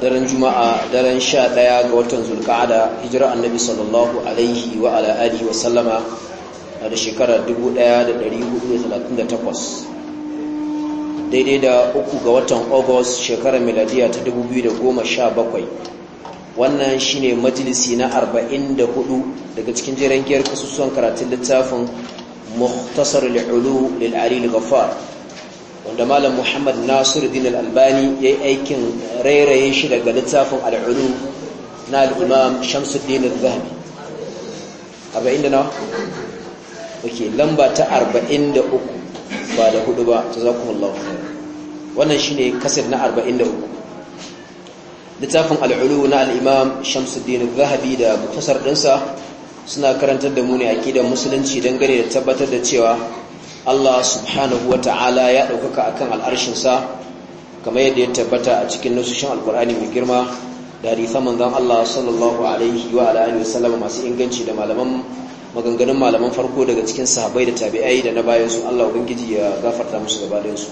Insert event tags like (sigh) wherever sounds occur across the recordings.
daren juma'a daren sha daya ga watan zulka'ada hijira annabi sallallahu alaihi wa ala alihi wa sallama da shekara 1438 daidai da uku ga watan august shekarar miladiya ta 2017 wannan shine majalisi na 44 daga cikin jirangiyar kasusuwan karatun littafin muhtasar al'ulu lil'ari al-ghaffar wanda malam muhammad nasiruddin al-albani ya yi aikin rairaye shi daga littafin al'ulu na al'umam shamsuddin al-zahabi arba'in da lamba ta arba'in da uku ba da hudu ba ta zaku kuma lafiya wannan shi ne kasir na arba'in da uku littafin al'ulu na al'imam shamsuddin al-zahabi da mutasar ɗinsa suna karantar da mu ne a musulunci dangane da tabbatar da cewa Allah subhanahu wa ta'ala ya ɗaukaka akan al'arshinsa kamar yadda ya tabbata a cikin nasushin alkur'ani mai girma da hadithan manzon Allah sallallahu alaihi wa masu inganci da malaman maganganun malaman farko daga cikin sahabbai da tabi'ai da na bayansu su Allah ubangiji ya gafarta musu gaba da za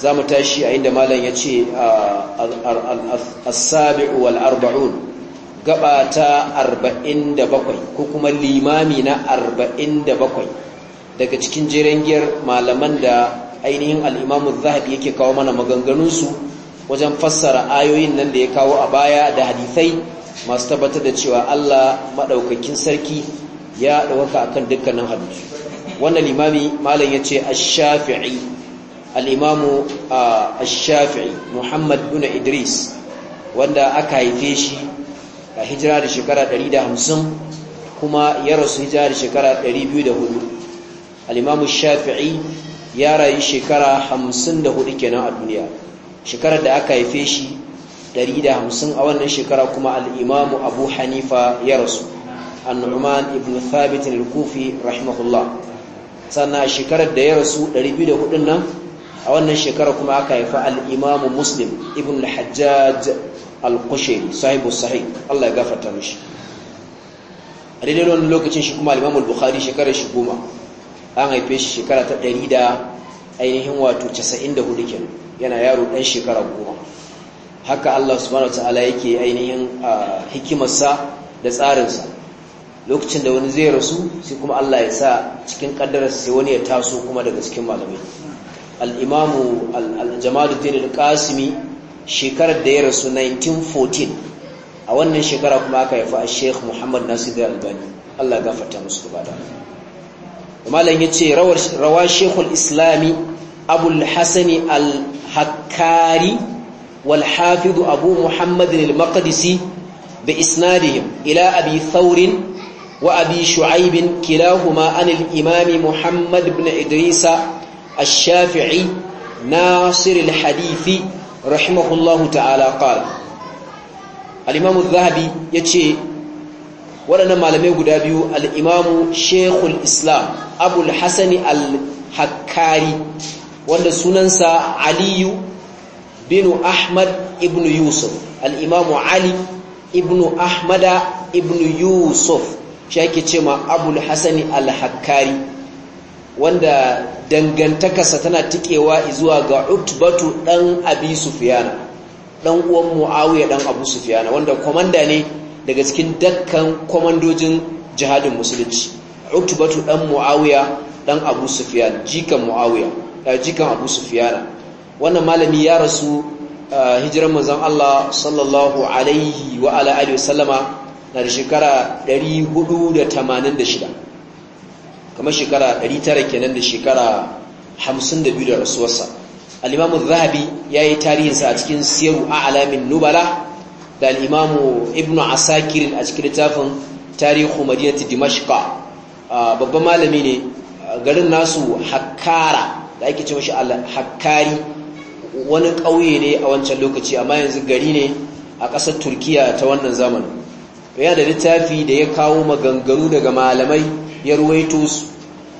zamu tashi a inda malam ya ce a wal arba'un gaba ta 47 ko kuma limami na 47 daga cikin jirangiyar malaman da ainihin al'imamun zahabi yake kawo mana maganganunsu wajen fassara ayoyin nan da ya kawo a baya da hadithai masu tabbatar da cewa Allah maɗaukakin sarki ya ɗauka akan dukkanin halittu wannan limami malam ya ce a shafii alimamu a muhammad bin idris wanda aka haife shi a hijira da shekara 150 kuma ya rasu hijira da shekara 204 al shafi'i ya rayu shekara 54 kenan a duniya shekarar da aka haife shi hamsin a wannan shekara kuma al'imamu abu hanifa ya rasu an ibn thabit al rahimahullah sannan shekarar da ya rasu 204 nan a wannan shekara kuma aka haifa al'imamu muslim ibn hajjaj al-qushayri sahibu sahih Allah ya gafarta mishi a daidai wannan lokacin shi kuma al'imamu imamu al-bukhari shekarar shi goma an haife shi shekara ta ɗari da ainihin wato casa'in da hudu yana yaro ɗan shekara goma haka Allah subhanahu wa ala yake ainihin hikimarsa da tsarinsa lokacin da wani zai rasu sai kuma Allah ya sa cikin kaddararsa sai wani ya taso kuma daga cikin malamai al-imamu al-jamaluddin al shekarar da ya rasu 1914 a wannan shekara kuma aka a Sheikh Muhammad Nasir Al-Albani Allah ya gafarta musu gaba da malam yace rawar rawa islami abul alhakari al hakkari wal hafiz abu muhammad al maqdisi bi isnadihim ila abi saurin wa abi shu'aibin kilahuma an al imam muhammad ibn idris الشافعي ناصر rahimahullahu ta'ala الله تعالى imamu zahabi ya ce. waɗannan malamai guda biyu al'imamu shekul islam abul hassani al-hakkari wanda sunansa aliyu binu ahmad ibn yusuf al'imamu ali ibn ahmada ibn yusuf shi ake ce ma abul hassani al-hakkari wanda dangantakasa tana tikewa zuwa ga utbatu dan abi sufiyana dan uwan muawiya dan abu sufiyana wanda komanda ne daga cikin dakkan kwamandojin jihadin musulunci utubatu dan muawiya dan abu sufiyar jikan muawiya jikan abu sufiyar wannan malami ya rasu ah, hijiran mazan Allah sallallahu alaihi wa ala alihi wasallama na da shekara 486 kamar shekara 900 kenan da shekara 52 da rasuwarsa al-imam az-zahabi yi tarihinsa a cikin a a'lamin nubala da al'imamu Ibnu asakir a cikin littafin tarihu madinati dimashika babban malami ne garin nasu hakkara da ake ce mashi hakkari wani ƙauye ne a wancan lokaci amma yanzu gari ne a ƙasar turkiya ta wannan zamanin yana da littafi da ya kawo maganganu daga malamai ya ruwaito su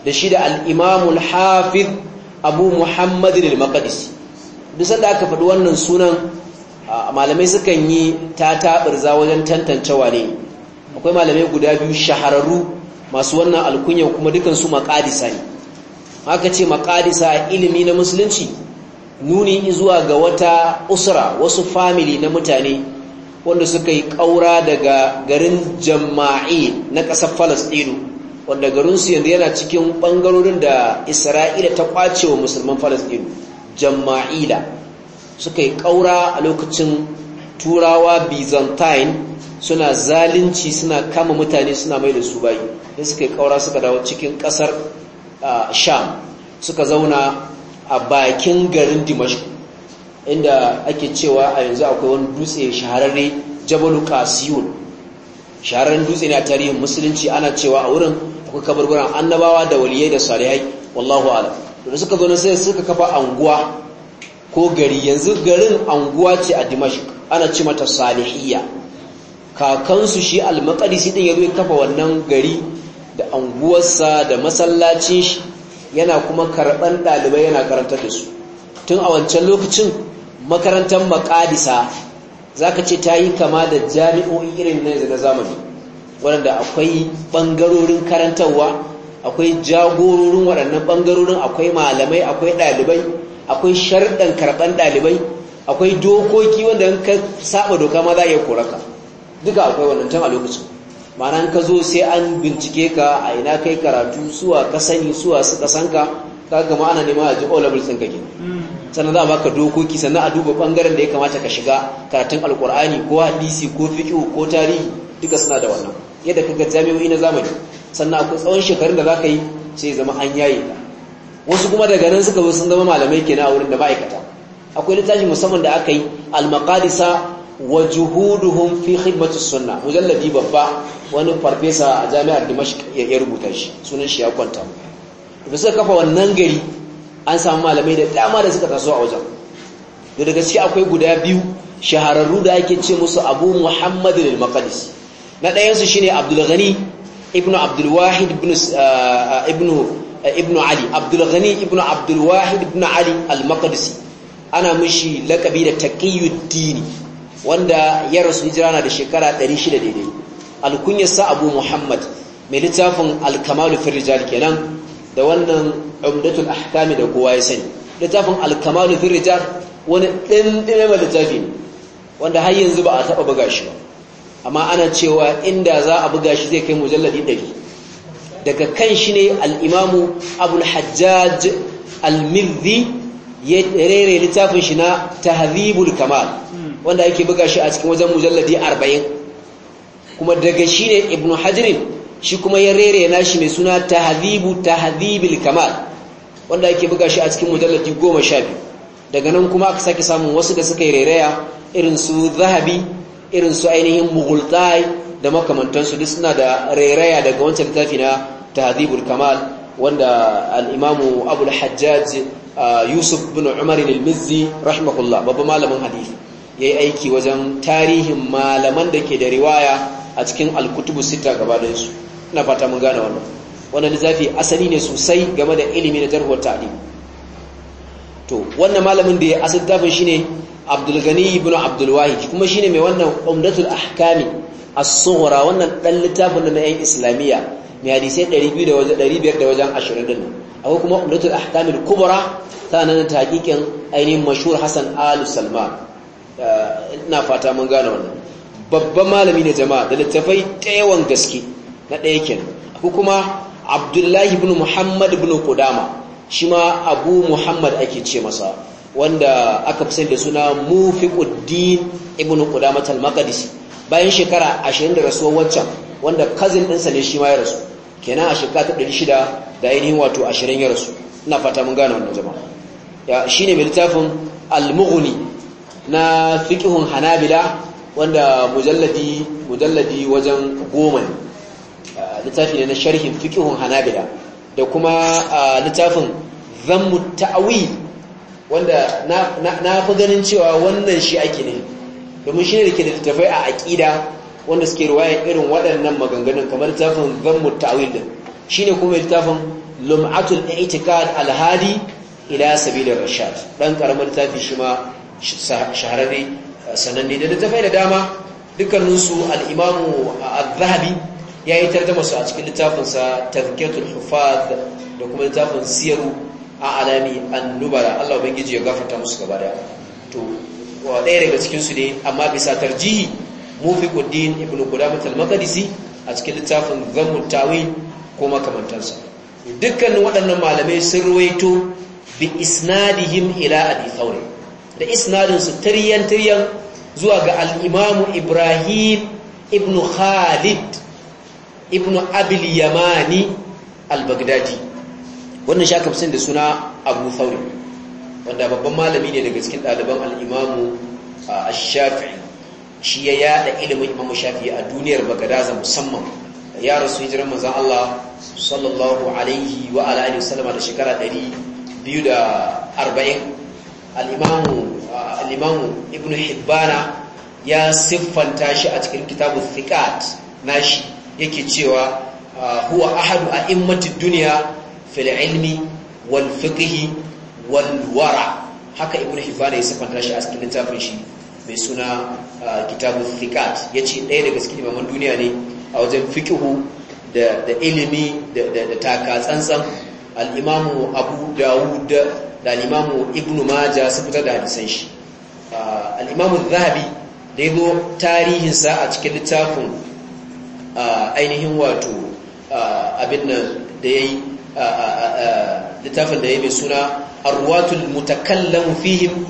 da shi da al'imamu hafiz abu muhammadin al-maqadis duk sanda aka faɗi wannan sunan malamai sukan yi ta taɓirza wajen tantancewa ne. akwai malamai guda biyu shahararru masu wannan alkunya kuma dukansu maƙadisa ne haka ce maƙadisa ilimi na musulunci nuni zuwa ga wata usura wasu famili na mutane wanda suka yi ƙaura daga garin jama'i na ƙasar falastinu wanda garinsu yanzu yana cikin ɓangarorin da isra'ila ta ƙwace wa musulman falastinu jama'ila suka yi ƙaura a lokacin turawa byzantine suna zalunci suna kama mutane suna mai da su bayi suka yi ƙaura suka dawo cikin ƙasar sham suka zauna a bakin garin dimashku inda ake cewa a yanzu akwai wani dutse shahararre jabalu kasiyun shahararren dutse ne a tarihin musulunci ana cewa a wurin akwai kaburburan annabawa da waliyai da salihai wallahu alam da suka zo sai suka kafa anguwa ko gari yanzu garin anguwa ce a dimashik ana ce mata salihiyya kakansu shi almakadisi din ya ya kafa wannan gari da anguwarsa da masallacin shi yana kuma karban ɗalibai yana karantar da su tun a wancan lokacin makarantar makadisa ka ce ta yi kama da jami'o'i irin na yanzu na zamani waɗanda akwai ɓangarorin karantarwa akwai jagororin waɗannan ɓangarorin akwai malamai akwai ɗalibai akwai sharɗan karɓar ɗalibai akwai dokoki wanda in ka saba doka ma za a iya koraka duka akwai wannan tun a lokacin ma'ana ka zo sai an bincike ka a ina kai karatu suwa ka sani suwa suka san ka ka gama ana nema a ji all sun kake sannan za a baka dokoki sannan a duba bangaren da ya kamata ka shiga karatun alkur'ani ko hadisi ko fiƙo ko tarihi duka suna da wannan yadda ka ga jami'o'i na zamani sannan akwai tsawon shekarun da za ka yi sai zama an yaye ka wasu kuma daga nan suka zo sun zama malamai kenan a wurin da ma'aikata akwai littafi musamman da aka yi al-maqadisa wa juhuduhum fi khidmati sunna mujalladi babba wani farfesa a jami'ar Dimashq ya rubuta shi sunan shi ya kwanta da suka kafa wannan gari an samu malamai da dama da suka taso a wajen da daga ciki akwai guda biyu shahararru da ake ce musu Abu Muhammad al na ɗayan su shine Abdul Ghani ibn Abdul Wahid ibn uh, uh, ibn ali abdul ghani ibn abdul wahid ibn ali al-maqdisi ana mishi lakabi da taqiyuddin wanda ya rasu hijira na da shekara 600 daidai alkunyarsa abu muhammad mai littafin alkamalu fi rijal kenan da wannan umdatul ahkami da kowa ya sani littafin alkamalu fi rijal wani dindime mai littafi ne wanda har yanzu ba a taba buga shi ba amma ana cewa inda za a buga shi zai kai mujalladi 100 daga kan shi ne al'imamu abu'lhajjaj al-mizzi ya rere littafin shi na tahzibul kamal wanda yake buga shi a cikin wajen mujalladi 40 kuma daga shi ne ibnu hajrin shi kuma ya rere na shi mai suna tahzibu tahzibil kamal wanda yake buga shi a cikin mujalladi 12 daga nan kuma aka sake samun wasu da suka yi reraya irin su zahabi irin su ainihin mughultai da makamantansu duk suna da rairaya daga wancan littafi na tahdhibul kamal wanda al-imamu abul hajjaj yusuf bin umar al-mizzi rahimahullah babban malamin hadisi yayi aiki wajen tarihin malaman da ke da riwaya a cikin al-kutubu sita gaba da su ina fata mun gane wannan wannan littafi asali ne sosai game da ilimi na jarhuwar ta'lim to wannan malamin da ya asali littafin shine Abdul Ghani ibn Abdul Wahid kuma shine mai wannan Umdatul Ahkami as-sughra wannan dan littafin na yan islamiyya mai hadisi 200 da wajen 500 da wajen 20 din akwai kuma umdatul ahkamil kubra sanan taqiqin ainihin mashhur Hassan Al Salman eh, ina fata mun gane wannan babban malami ne jama'a da littafai tayawan gaske na ɗaya kenan akwai kuma Abdullahi ibn Muhammad ibn Qudama shi ma Abu Muhammad ake ce masa wanda aka fi da suna Mufiquddin ibn Qudamah al-Maqdisi bayan shekara ashirin da rasuwar wancan wanda kazin ɗinsa ne shi ma ya rasu kenan a shekara ta shida da ainihin wato ashirin ya rasu ina fata mun gane wannan jama'a ya ne mai littafin al na fiqhun hanabila wanda mujalladi mujalladi wajen goma ne littafi ne na sharhin fiƙihun hanabila da kuma littafin zammu ta'awi wanda na na fi ganin cewa wannan shi ake ne domin shi ne da ke da a aƙida wanda suke ruwaya irin waɗannan maganganun kamar littafin zammu ta'awil din shi ne kuma littafin lum'atul i'tiqad alhadi ila sabilir rashad ɗan karamar littafi shi ma shahararre sananne da littafai da dama dukkaninsu al-imamu zahabi yayi tarjuma a cikin littafinsa sa tazkiyatul hufaz da kuma littafin siyaru a alami an-nubala Allah ubangiji ya gafarta musu gaba da wa ɗaya daga cikinsu ne amma bisa tarjihi mufikuddin ibnu qudamah al-maqdisi a cikin littafin zammut tawil ko makamantansa dukkanin waɗannan malamai sun ruwaito bi isnadihim ila abi thawri da isnadin su taryan zuwa ga al-imam ibrahim Ibn khalid Ibn abil yamani al-baghdadi wannan shakabsin da suna abu thawri wanda babban malami ne daga cikin ɗaliban al'imamu a shafi'i shi ya yada ilimin imamu shafi'i a duniyar bagadaza musamman ya rasu hijirar manzan Allah sallallahu alaihi wa ala'ali wasallama da shekara 240 al'imamu ibn hibbana ya siffanta shi a cikin kitabun na shi yake cewa huwa ahadu a immatin duniya fil ilmi wal fiqhi walwara haka ibn hibana ya safanta shi a cikin littafin shi mai suna uh, kitabu ya ce ɗaya daga cikin imaman duniya ne a wajen fikihu da ilimi da taka tsantsan al'imamu abu dawud da al'imamu ibn Maja su fitar da hadisan shi uh, al'imamu zahabi da ya zo tarihinsa a cikin littafin uh, ainihin wato abin nan da yi littafin da ya yi mai suna arwatul mutakallam fihim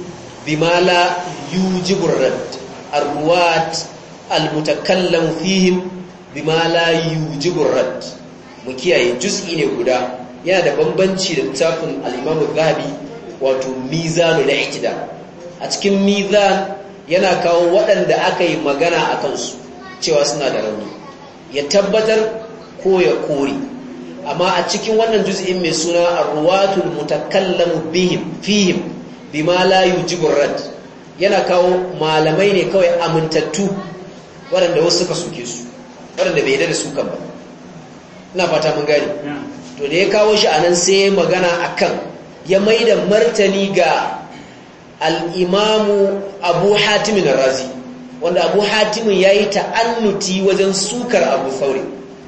bima la yujibu rad arwat fihim bima la yujibu mu kiyaye juz'i ne guda yana da bambanci da tafin al-Imam Zahabi wato al Ihtida a cikin Mizan yana kawo waɗanda aka yi magana a kansu cewa suna da rauni ya tabbatar ko ya kore amma a cikin wannan juz'in mai suna ar mutakallamu bihim fihim bima la ji rad yana kawo malamai ne kawai amintattu waɗanda wasu suka suke su waɗanda bai da su kan ba ina fata mun gane to da ya kawo shi anan sai magana akan ya maida martani ga al'imamu imamu Abu Hatim ar-Razi wanda Abu Hatim yayi ta'annuti wajen sukar Abu sauri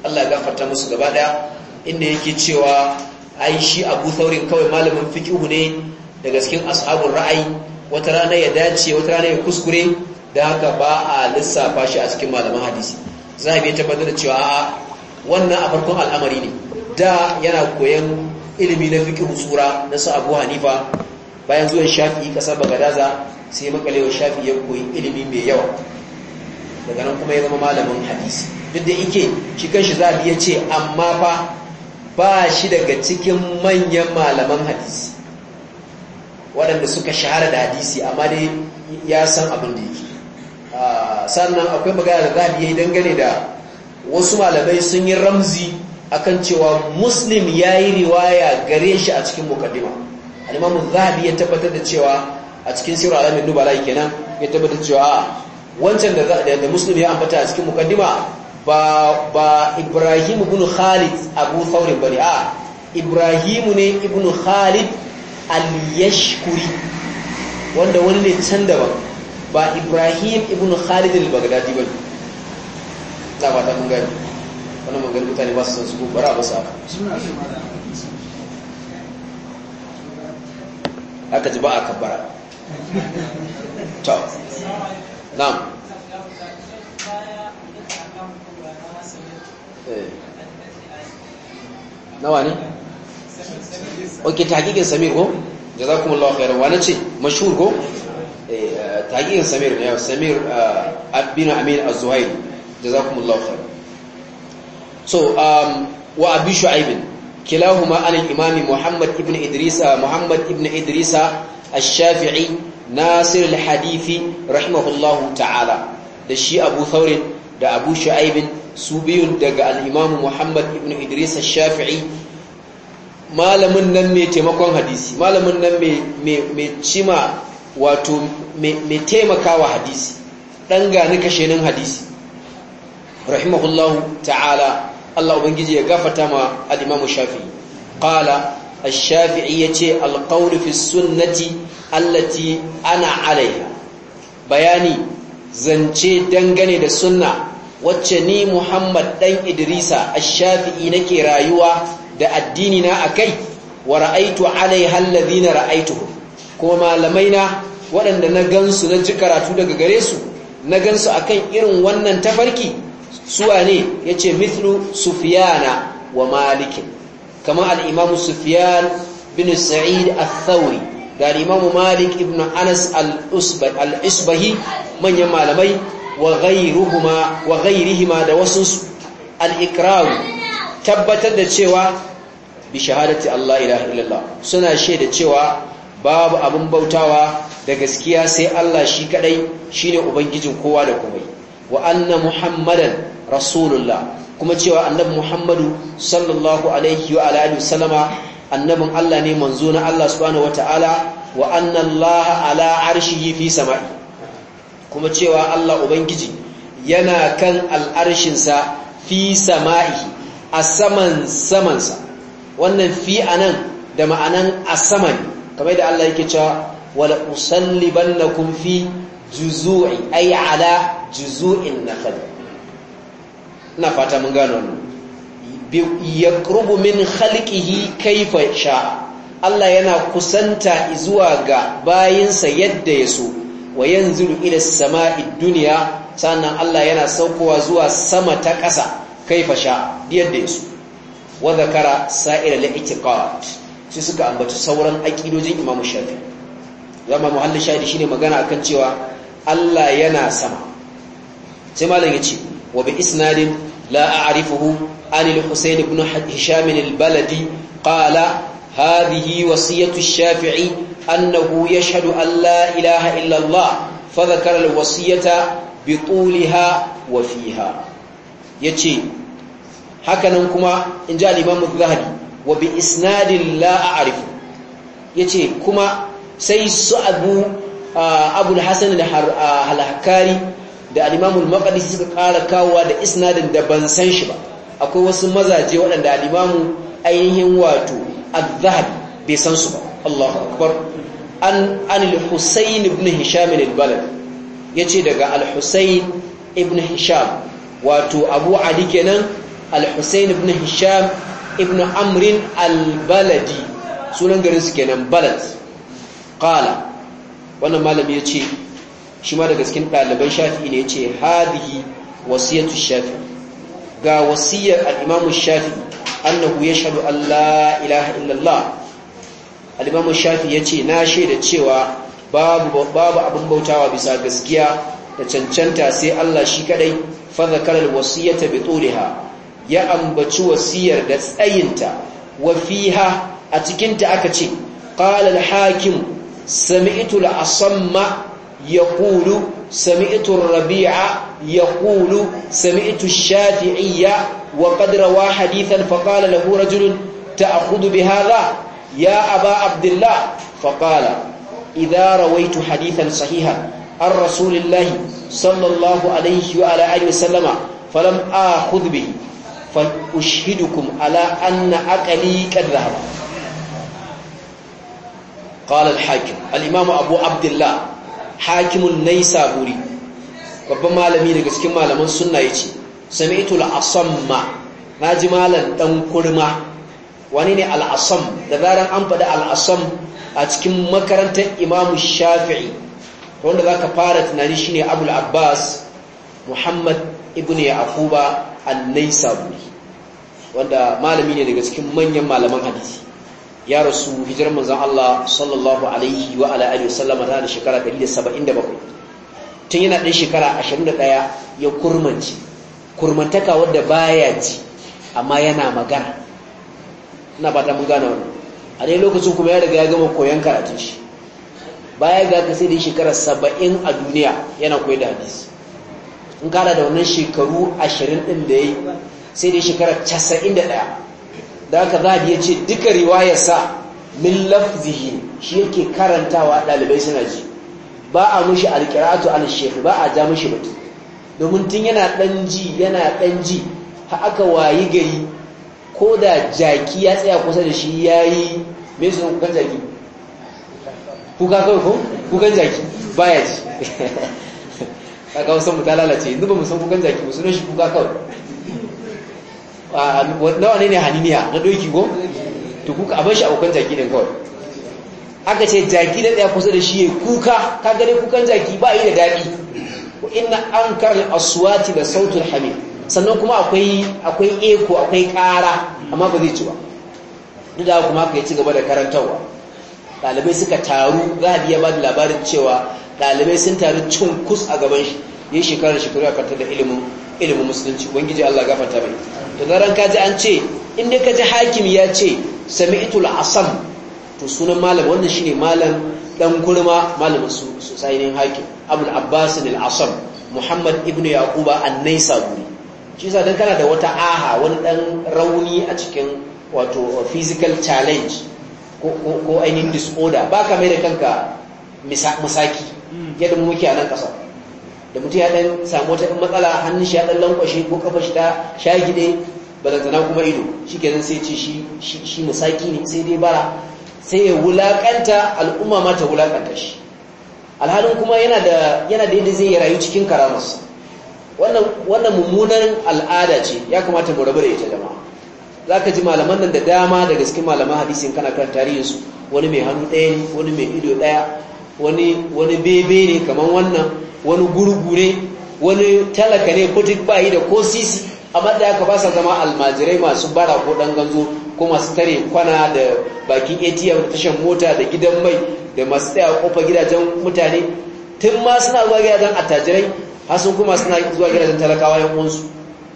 Allah ya gafarta musu gaba daya inda yake cewa ai shi abu saurin kawai malamin fikihu ne daga cikin ashabun ra'ayi wata rana ya dace wata rana ya kuskure da haka ba a lissafa shi a cikin malaman hadisi za a biya tabbatar da cewa a wannan a farkon al'amari ne da yana koyan ilimi na fikihu tsura na su abu hanifa bayan zuwan shafi kasar bagadaza sai makalewa shafi ya koyi ilimi mai yawa daga nan kuma ya zama malamin hadisi duk da ike shi kanshi a biya ce amma fa ba shi daga cikin manyan malaman hadisi waɗanda suka shahara da hadisi amma dai ya san abin da yake ah, sannan akwai magana da zaɓi ya yi dangane da wasu malamai sun yi ramzi akan cewa muslim ya yi riwaya gare shi a cikin mukaddima alimamu zaɓi ya tabbatar da cewa a cikin sirar alamin dubala kenan ya tabbatar cewa ah, wancan da muslim ya ambata a cikin mukaddima ba ba Ibrahim ibn Khalid Abu Thawr bane a Ibrahim ne ibn Khalid al-Yashkuri wanda wani ne can daban ba Ibrahim ibn Khalid al-Baghdadi bane ta ba ta mun gani wannan magana mutane ba su san su bara ba su aka ji ba a kabbara to na'am Eh. nawa ne ok tahqiqin samir ko jazakumullahu khairan wa nace mashhur ko eh, eh tahqiqin samir ne samir eh, bin amin az-zuhaili jazakumullahu khairan so um wa abi shu'aib kilahuma an al-imam muhammad ibn idrisa muhammad ibn idrisa ash-shafi'i nasir al-hadithi rahimahullahu ta'ala da shi abu thawr da abu shu'aib su biyun daga al'imamu muhammad ibn idris shafi'i malamin nan mai taimakon hadisi malamin nan mai cima wato mai taimakawa hadisi ɗan gani kashenin hadisi rahimahullahu ta'ala Allah Ubangiji ya gafata ma al'imamu shafi'i ƙala a shafi'i ya ce alƙaunufin sunnati allati ana ala'i. bayani zance dangane da sunna wacce ni Muhammad ɗan Idrisa ash-Shafi'i nake rayuwa da addini na akai wa ra'aitu alaiha alladhina ra'aitu. kuma malamai na waɗanda na gansu na ji karatu daga gare su na gansu akan irin wannan tafarki suwa ne yace mithlu Sufyana wa Malik Kamar al-Imam Sufyan bin Sa'id al-Thawri da al-Imam Malik ibn Anas al-Usbahi manyan malamai wa da wasunsu al tabbatar da cewa bi shahadati Allah ilaha illallah suna shaida cewa babu abin bautawa da gaskiya sai Allah shi kadai shine ubangijin kowa da komai wa anna muhammadan rasulullah kuma cewa annabi muhammadu sallallahu alaihi wa alihi wasallama annabin Allah ne manzo na Allah subhanahu wataala wa anna Allah ala arshihi fi sama'i kuma cewa Allah ubangiji yana kan al'arshinsa fi sama'i a saman samansa wannan fi anan da ma'anan a saman kamar da Allah yake cewa wala usallibannakum fi juzu'i ai ala juzu'in kan ina fata mun gano ya yaqrubu min khalqihi kayfa sha Allah yana kusanta zuwa ga bayinsa yadda ya so wa yanzuru ila samai dunya sannan Allah yana saukowa zuwa sama ta ƙasa kaifa sha yadda yaso wa zakara sa'ira al-i'tiqad suka ambaci sauran aqidojin Imam Shafi zama muhallin shahidi shine magana akan cewa Allah yana sama sai malam yace wa bi isnadin la a'rifuhu an al-Husayn ibn Hisham al-Baladi qala hadhihi wasiyatu shafii أنه يشهد أن لا إله إلا الله فذكر الوصية بطولها وفيها يتي هكذا نكما إن جاء الإمام الذهبي وبإسناد لا أعرف يتي كما سيس أبو أبو الحسن الحكاري da al'imamul maƙadisi suka ƙara kawowa da isnadin da ban san shi ba akwai wasu mazaje waɗanda al'imamu ainihin wato azhar bai san su ba Allahu akbar an al-husayn ibn hisham al-balad yace daga al-husayn ibn hisham wato abu ali kenan al-husayn ibn hisham ibn amr al-baladi sunan garin su kenan balad qala wannan malami yace shi ma daga cikin ɗaliban shafi'i ne yace hadhihi wasiyatu shafi'i ga wasiyar al-imam shafi'i annahu yashhadu an la ilaha Allah al shafi ya ce na shaida cewa babu abin bautawa bisa gaskiya da cancanta sai Allah shi kadai fa zakara al-wasiyata bi ya ambaci wasiyar da tsayinta wa fiha a cikinta aka ce qala al-hakim sami'tu al-asamma يقول سمعت الربيع يقول سمعت الشافعي وقد روى حديثا فقال له رجل تأخذ بهذا ya aba abdullah faƙala idara waitu hadithan sahiha an rasulillahi sallallahu alaihi wa ala'ayi wasallama falam a hudbi fa'ushidukum ala anna aƙali ƙarra ba ƙala al abu abdullah hakimun na buri saburi babban malami daga cikin malaman suna ya ce sami ito la'asamma na ji malam ɗan kurma wani ne al'asam da zarar an faɗi al'asam a cikin makarantar imamu shafi'i wanda za ka fara tunani shi ne abul abbas muhammad ibn yaquba an Buri? wanda malami ne daga cikin manyan malaman hadisi ya rasu hijirar manzan Allah sallallahu alaihi wa ala'ayi wasallama ta da shekara 177 tun yana ɗan shekara 21 ya kurmanci kurmantaka wadda baya ji amma yana magana na fata mun gane wannan a dai lokacin kuma ya riga ya gama koyon karatun shi baya ga ka sai da shekara saba'in a duniya yana koyar da hadisi in kada da wannan shekaru ashirin ɗin da ya yi sai da shekara casa'in da ɗaya da aka ya ce duka riwayar sa min lafzihi shi yake karantawa ɗalibai suna ji ba a mushi alkiratu an shekhi ba a ja mushi batu domin tun yana ɗan ji yana ɗan ji ha aka wayi gari ko da jaki ya tsaya kusa da shi ya yi mai suna kukan jaki kuka kawai ko kukan jaki baya ji (laughs) kakawa san mu ta lalace yanzu ba mu kukan jaki musu shi kuka kawai nawa ne ne haniniya na doki ko to kuka abin shi a kukan jaki ne kawai aka ce jaki da tsaya kusa da shi ya kuka ka gane kukan jaki ba yi da daɗi inna an karin aswati da sautul hamil sannan kuma akwai eku eko akwai kara amma ba zai ci ba duk da kuma aka yi ci gaba da karantarwa ɗalibai suka taru gadi ya ba da labarin cewa ɗalibai sun taru cin kus a gaban shi ya yi shekarar shekaru a kartar da ilimin musulunci wangiji allah gafarta mai da zaran ka ji an ce in dai ka ji hakim ya ce sami'tul asam to sunan malam wannan ne malam dan kurma malamin su su hakim abul abbas al asam muhammad ibnu yaquba an-naisaburi shi don dan kana da wata aha wani dan rauni a cikin wato physical challenge ko ainihin disorder ba ka mai da kanka misaki yadda muke a nan kasa da mutum ya dan samu wata matsala hannun shi ya dan lankwashe ko kafa shi ta shagide balantana kuma ido shi zan sai ce shi musaki ne sai dai bara sai ya wulakanta al'umma ma ta wulakanta shi alhalin kuma yana da yadda zai rayu cikin karamus. wannan mummunan al'ada ce ya kamata mu rabu da ita jama'a ka ji malaman nan da dama da gaske malaman hadisin kana kan tarihin su wani mai hannu ɗaya ne wani mai ido ɗaya wani bebe ne kamar wannan wani gurgu ne wani talaka ne ko duk bayi da kosis sisi amma da aka ba sa zama almajirai masu bara ko ɗan ganzo ko masu tare kwana da bakin ATM tashan mota da gidan mai da masu tsaya kofa gidajen mutane tun ma suna zuwa gidajen attajirai hasun kuma suna zuwa gidajen talakawa yan uwansu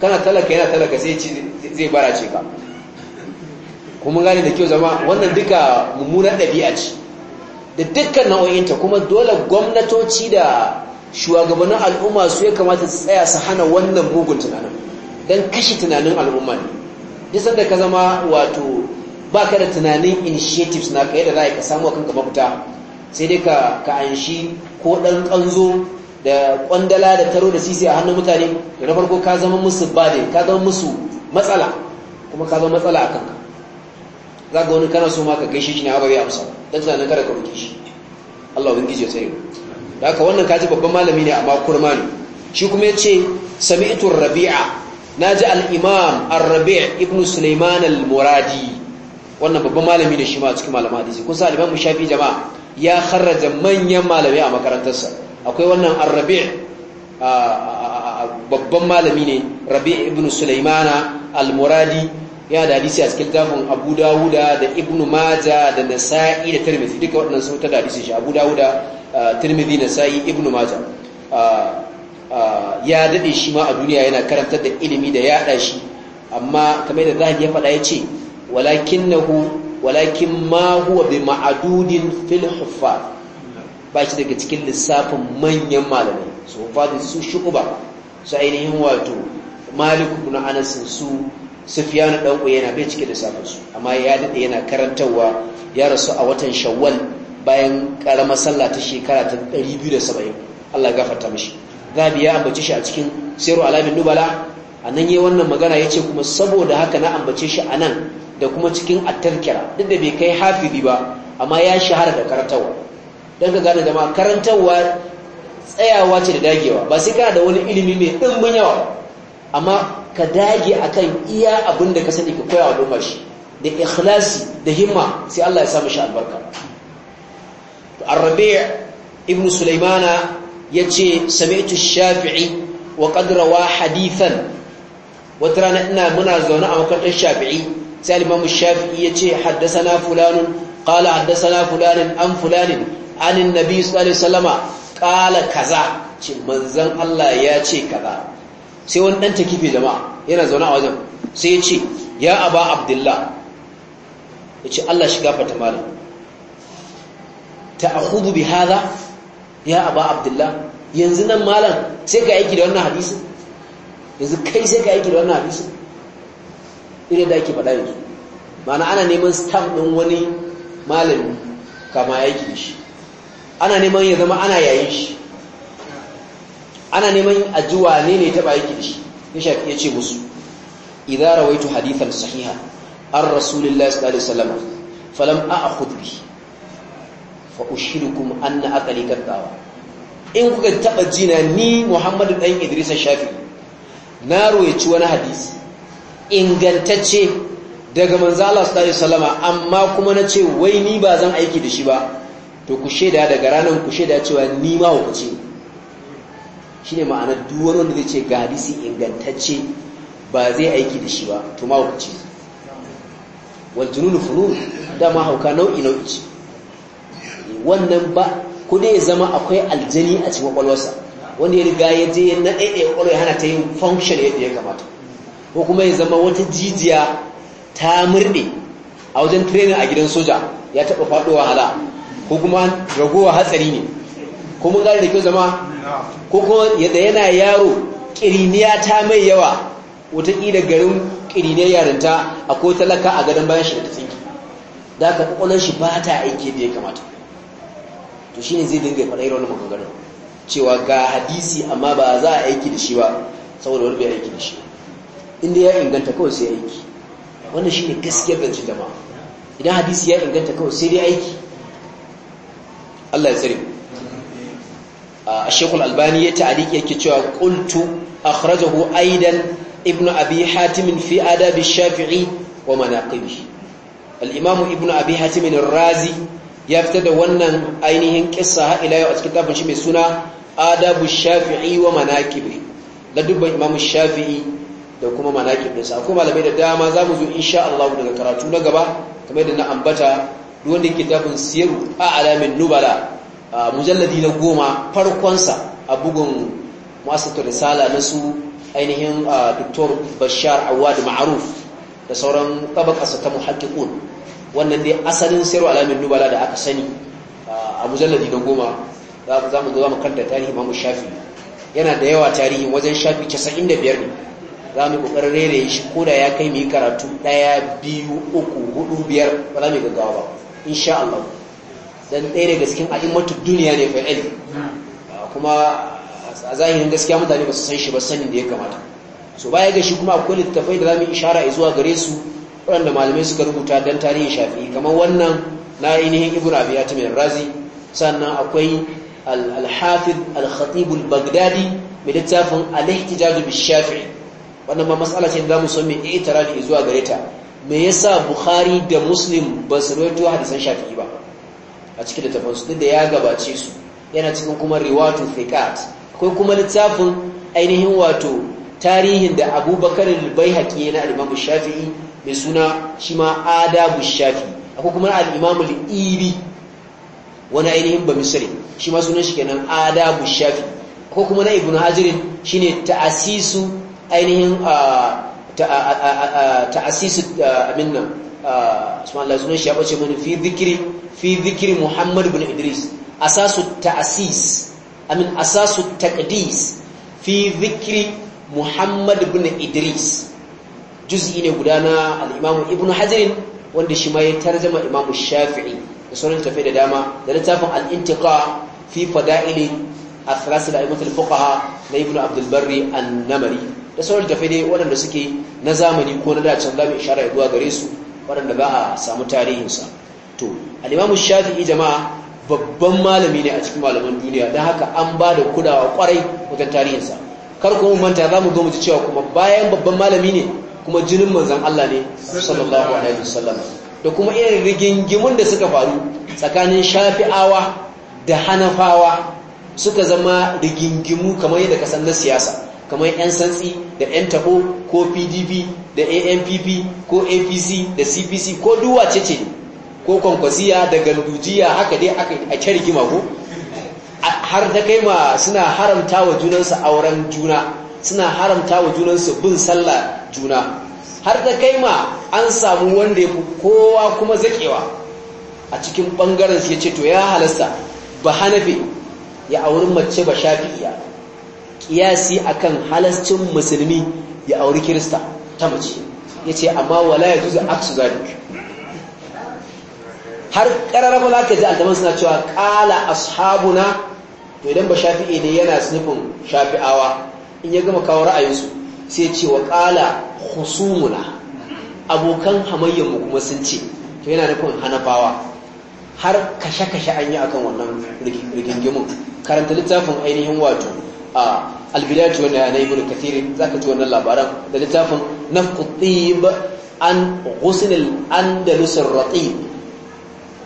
kana talaka yana talaka sai ci zai bara ce ka kuma gane da kyau zama wannan duka mummunan ɗabi'a ce da dukkan nau'o'inta kuma dole gwamnatoci da shugabannin al'umma su ya kamata su tsaya su hana wannan mugun tunanin don kashe tunanin al'umma ne duk sanda ka zama wato ba ka da tunanin initiatives na kai da za ka samu kanka mafita sai dai ka ka anshi ko ɗan ƙanzo da kwandala da taro da sisi a hannun mutane da na farko ka zama musu bade ka zama musu matsala kuma ka zama matsala a kanka za ga wani kana so ma ka gaishe shi ne a ya amsa don tunanin kada ka roƙe shi Allah wani gizo tsaye da haka wannan kaji babban malami ne amma kurma ne shi kuma ya ce sami'atul rabi'a na ji al'imam al-rabi'a ibn suleiman al-muradi wannan babban malami ne shi ma a cikin malama hadisi kusa al'imam shafi jama'a ya kharraja manyan malamai a makarantarsa akwai wannan arrabi' babban malami ne rabi ibn sulaimana almuradi ya da hadisi a cikin tafin abu dawuda da ibn maja da nasa'i da tirmidhi duka waɗannan sun ta da hadisi shi abu dawuda tirmidhi nasa'i ibn maja ya daɗe shi ma a duniya yana karantar da ilimi da yaɗa shi amma kamar da zahiri ya faɗa ya ce walakin ma huwa bi ma'adudin fil huffaz ba shi daga cikin lissafin manyan malamai su fadi su shukuba su ainihin wato maliku na anasin su ɗan dan yana bai cike lissafin su amma ya daɗe yana karantarwa ya rasu a watan shawwal bayan ƙarama sallah ta shekara ta 270 Allah ya gafarta mashi zabi ya ambace shi a cikin siru alamin nubala nan yi wannan magana ya ce kuma saboda haka na ambace shi a nan da kuma cikin at-tarkira duk da bai kai hafizi ba amma ya shahara da karatawa don ka gane jama'a karantarwa tsayawa ce da dagewa ba sai kana da wani ilimi mai ɗimbin yawa amma ka dage a kan iya abin da ka sani ka koya wa shi da ikhlasi da himma sai Allah ya samu shi albarka arabi ibn sulaimana ya ce sami'tu shafi'i wa qad hadithan wata rana ina muna zaune a makarantar shafi'i sai ya ce haddasa na fulanin ƙala haddasa na fulanin an fulanin anin nabi sallallahu alaihi wasallama kaza ce manzan Allah ya ce kaza sai wani dan takife jama'a yana zaune a wajen sai ya ce ya aba abdullah ce Allah shiga fata malam ta'khudhu bi hadha ya aba abdullah yanzu nan malam sai ka aiki da wannan hadisi yanzu kai sai ka aiki da wannan hadisi ire da ake faɗa yanzu ma'ana ana neman stamp ɗin wani malami kama aiki da shi ana neman ya zama ana yayin shi ana neman a ji wane ne taɓa yake shi ya shafi ya ce musu idza rawaitu hadithan sahiha an rasulillahi sallallahu alaihi wasallam falam a'khudh bi fa ushirukum anna aqli kaddawa in kuka taɓa jina ni Muhammadu dan Idris Shafi na royaci wani hadisi ingantacce daga manzo Allah sallallahu alaihi wasallama amma kuma na ce wai ni ba zan aiki da shi ba to ku shaida daga ranar ku shaida cewa ni ma shi ne shine ma'ana duk wani wanda zai ce ga hadisi ingantacce ba zai aiki da shi ba to ma ku ce? wal da dama hauka nau'i nau'i ce wannan ba ku ya zama akwai aljani a cikin kwalwarsa wanda ya riga ya je na ɗaiɗaya kwalwa ya hana ta yin function yadda ya kamata ko kuma ya zama wata jijiya ta murɗe a wajen training a gidan soja ya taɓa faɗo wahala ko kuma ragowa hatsari ne ko mun gane da kyau zama ko kuma yadda yana yaro ƙiriniya ta mai yawa wataƙila garin ƙiriniyar yarinta akwai talaka a gadon bayan shi da tsinki da aka ƙwaƙwalar shi ba ta aiki da ya kamata to shi ne zai dinga faɗa irin wani maganganun cewa ga hadisi amma ba za a aiki da shi ba saboda wani bai aiki da shi inda ya inganta kawai sai aiki wannan shi ne gaskiyar da jama'a idan hadisi ya inganta kawai sai dai aiki Allah ya tsare a shekul albani ya ta'aliki yake cewa qultu akhrajahu aidan ibnu abi hatim fi adab shafii wa manaqibi al-imam ibnu abi hatim ar-razi ya fitar da wannan ainihin kissa ila yau a cikin tafin shi mai suna adabu shafi'i wa manaqibi da dubban imam shafi'i da kuma manaqibinsa akwai malamai da dama zamu zo insha Allah daga karatu na gaba kamar da na ambata wanda yake tafin siyaru a alamin nubala a mujalladi na goma farkonsa a bugun masu risala na su ainihin dr bashar awad ma'aruf da sauran tabakarsa ta muhakkikun wannan dai asalin siyaru alamin nubala da aka sani a mujalladi na goma za mu zo kanta tarihi mamu shafi yana da yawa tarihi wajen shafi 95 ne za mu kokarin rere shi ko da ya kai mu karatu ɗaya biyu uku hudu biyar ba za mu gaggawa ba insha Allah dan ɗaya daga cikin a'immatu duniya ne mai ilmi kuma a zahirin gaskiya mutane ba su san shi ba sanin da ya kamata so baya ga shi kuma akwai littafai da zamu ishara zuwa gare su waɗanda malamai suka rubuta dan tarihin shafi'i kamar wannan na ainihin ibnu abi yatim razi sannan akwai al-hafiz al-khatib al-baghdadi mai littafin al-ihtijaj bi shafi'i wannan ma mas'ala ce da zamu so mu itirafi zuwa gare ta me yasa bukhari da muslim ba su rawaito hadisan shafi'i ba a cikin littafansu duk da ya gabace su yana cikin kuma riwatu Fekat. akwai kuma littafin ainihin wato tarihin da abubakar al-baihaqi na al-imam shafi'i mai suna shi ma adabu shafi'i akwai kuma al-imam al-iri wani ainihin ba misri shi ma sunan shi kenan adabu shafi'i akwai kuma na ibnu shi shine ta'asisu ainihin ah, ta'asisu abin nan subhanallah sunan shi ya bace mun fi zikiri fi dhikri muhammad ibn idris asasu ta'sis amin asasu taqdis fi zikiri muhammad ibn idris juz'i ne gudana na al-imam ibn hazm wanda shi ma ya tarjama imam shafi'i da sauran tafi da dama da littafin al-intiqa fi fada'ili athras al-a'immat al-fuqaha na ibn abd al-barri an-namari da sauran tafi dai waɗanda suke na zamani ko na dacin za mu ishara ya zuwa gare su waɗanda ba a samu tarihinsa to alimamu shafi'i jama'a babban malami ne a cikin malaman duniya don haka an ba da kudawa kwarai wajen tarihinsa kar kuma manta za mu ji cewa kuma bayan babban malami ne kuma jinin manzan Allah ne sallallahu alaihi wasallam da kuma irin rigingimun da suka faru tsakanin shafi'awa da hanafawa suka zama rigingimu kamar yadda kasan na siyasa kamar 'yan santsi da 'yan taɓo ko pdp da ampp ko apc da cpc ko duwace ce ko kwankwasiya da galgujiya haka dai a kyar rigima ko har da kai ma suna haramta wa junansu auren juna suna haramta wa junansu bin sallah juna har da kai ma an samu wanda ya kowa kuma zakewa a cikin ɓangaren ya ce to ya halasta ba hanafi ya auri mace ba shafi'iya kiyasi akan halascin musulmi ya auri kirista ta mace ya ce, amma wala ya zuza aksu zalik har kararraba za ka ji aljaman suna cewa ƙala ashabuna to idan ba shafi'i ne yana nufin shafi'awa in ya gama kawo ra'ayinsu sai ce wa ƙala husumuna abokan hamayyanmu kuma sun ce to yana nufin hanafawa har kashe-kashe an yi akan wannan rigingimin karanta littafin ainihin wato a wanda wa na ibn za ka ci wannan labaran da littafin nafqu tib an ghusn an da ar ratib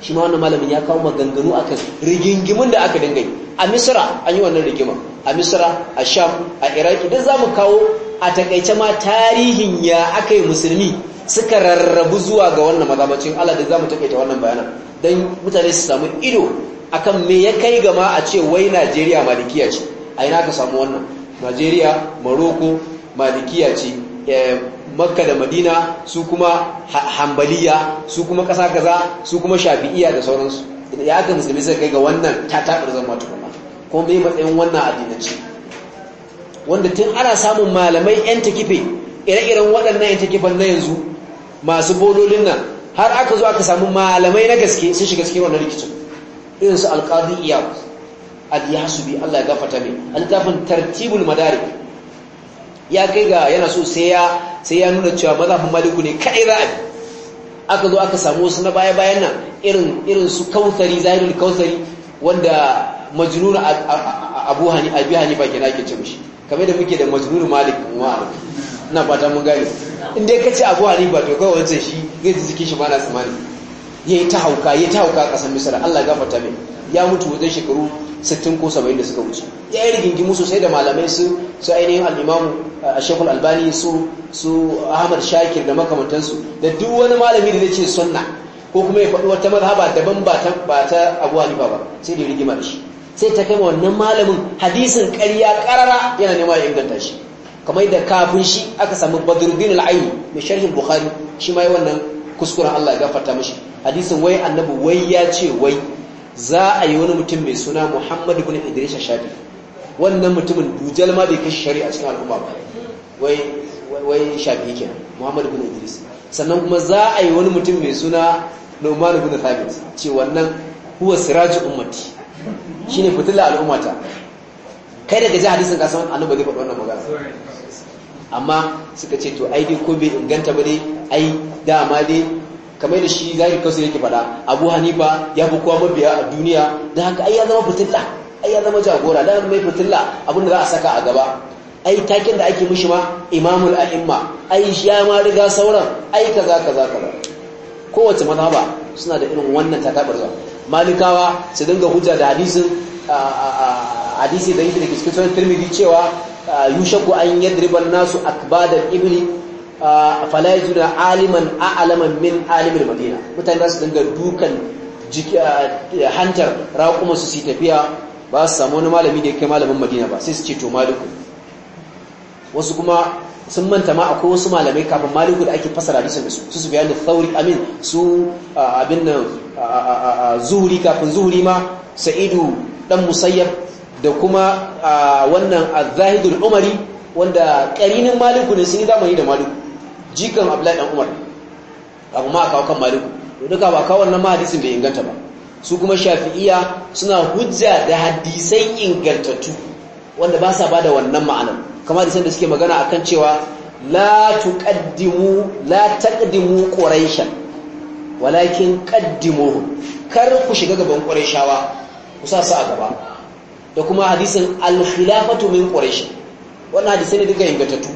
shi ma wannan malamin ya kawo maganganu kan rigingimin da aka dinga a Misira an yi wannan rigima a Misira, a sham a iraki duk mu kawo a takaice ma tarihin ya yi musulmi suka rarrabu zuwa ga wannan mazabacin Allah da mu takaita wannan bayanan Don mutane su samu ido akan me ya kai gama a ce wai Najeriya malikiya ce a ina ka samu wannan Najeriya Maroko Malikiya ce eh, Makka da Madina su kuma Hambaliya su kuma kasa kaza su kuma Shafi'iya da sauransu ya aka musulmi sai kai ga wannan ta tabar zama tukuna kuma mai matsayin wannan addinanci wanda tun ana samun malamai yan takife ire-iren waɗannan yan takifan na yanzu masu bololin nan har aka zo aka samu malamai na gaske sun shiga cikin wannan rikicin irin su iya iyakus al bi Allah ya gafarta mai an tafin tartibul madari, ya kai ga yana so sai ya nuna cewa mazhabin maliku ne kai za a aka zo aka samu wasu na baya bayan nan irin irin su kautsari zahirul kautsari wanda majnun abu hani abi hani ba kenan ake ce mishi kamar da muke da majnun malik wa ina fata mun gane in dai kace abu hani ba to kai wancan shi zai ji jikin shi ba na ya yayi ta hauka yayi ta hauka kasan misra Allah ya gafarta mai ya mutu wajen shekaru 60 ko 70 da suka wuce ya yi rigingimu sosai da malamai su su ainihin al'imamu a shekul albani su su ahmad shakir da makamantansu da duk wani malami da zai ce sunna ko kuma ya faɗi wata marhaba daban ba ta ba ta abu hanifa ba sai da rigima da shi sai ta kai wannan malamin hadisin ƙarya ƙarara yana nema ya inganta shi kamar da kafin shi aka samu badruddin al'aini mai sharhin bukhari shi ma yi wannan kuskuren allah ya gafarta mashi hadisin wai annabi wai ya ce wai za a yi wani mutum mai suna muhammad ibn idris shafi wannan mutumin dujal ma bai kashi shari'a cikin al'umma ba wai wai shafi kenan muhammad ibn idris sannan kuma za a yi wani mutum mai suna nu'man ibn thabit ce wannan huwa siraju ummati shine fitila al'ummata kai daga ji hadisin ka san annabi zai faɗi wannan magana amma suka ce to ai dai ko bai inganta ba dai ai dama dai kamar da shi zahir kansa yake faɗa abu hanifa ya fi kowa mabiya a duniya da haka ai ya zama fitilla ai ya zama jagora da mai fitilla abin za a saka a gaba ai takin da ake mishi ma imamul a'imma ai ya ma riga sauran ai kaza kaza kaza kowace mazhaba suna da irin wannan takabar zuwa malikawa su dinga hujja da hadisin hadisi da yake da cikin sunan tirmidhi cewa yushaku an yadriban nasu akbadan ibli fala aliman aliman a'laman min alimin madina mutane za su dinga dukan hantar raƙuma su yi tafiya ba su samu wani malami da ya kai malamin madina ba sai su ce to maliku wasu kuma sun manta ma akwai wasu malamai kafin maliku da ake fasara da su su biya da tsauri amin su abin nan zuhuri kafin zuhuri ma sa'idu dan musayyab da kuma wannan azahidul umari wanda karinin maliku ne sun yi zamani da maliku jikan abdullahi dan umar abu ma kawo kan maliku to duka ba kawo wannan bai inganta ba su kuma shafi'iya suna hujja da hadisan ingantattu wanda ba sa bada wannan ma'anar kamar hadisan da suke magana akan cewa la tuqaddimu la taqdimu quraishan walakin qaddimu kar ku shiga gaban quraishawa ku sa su a gaba da kuma hadisin al-khilafatu min quraish wannan hadisai ne duka ingantattu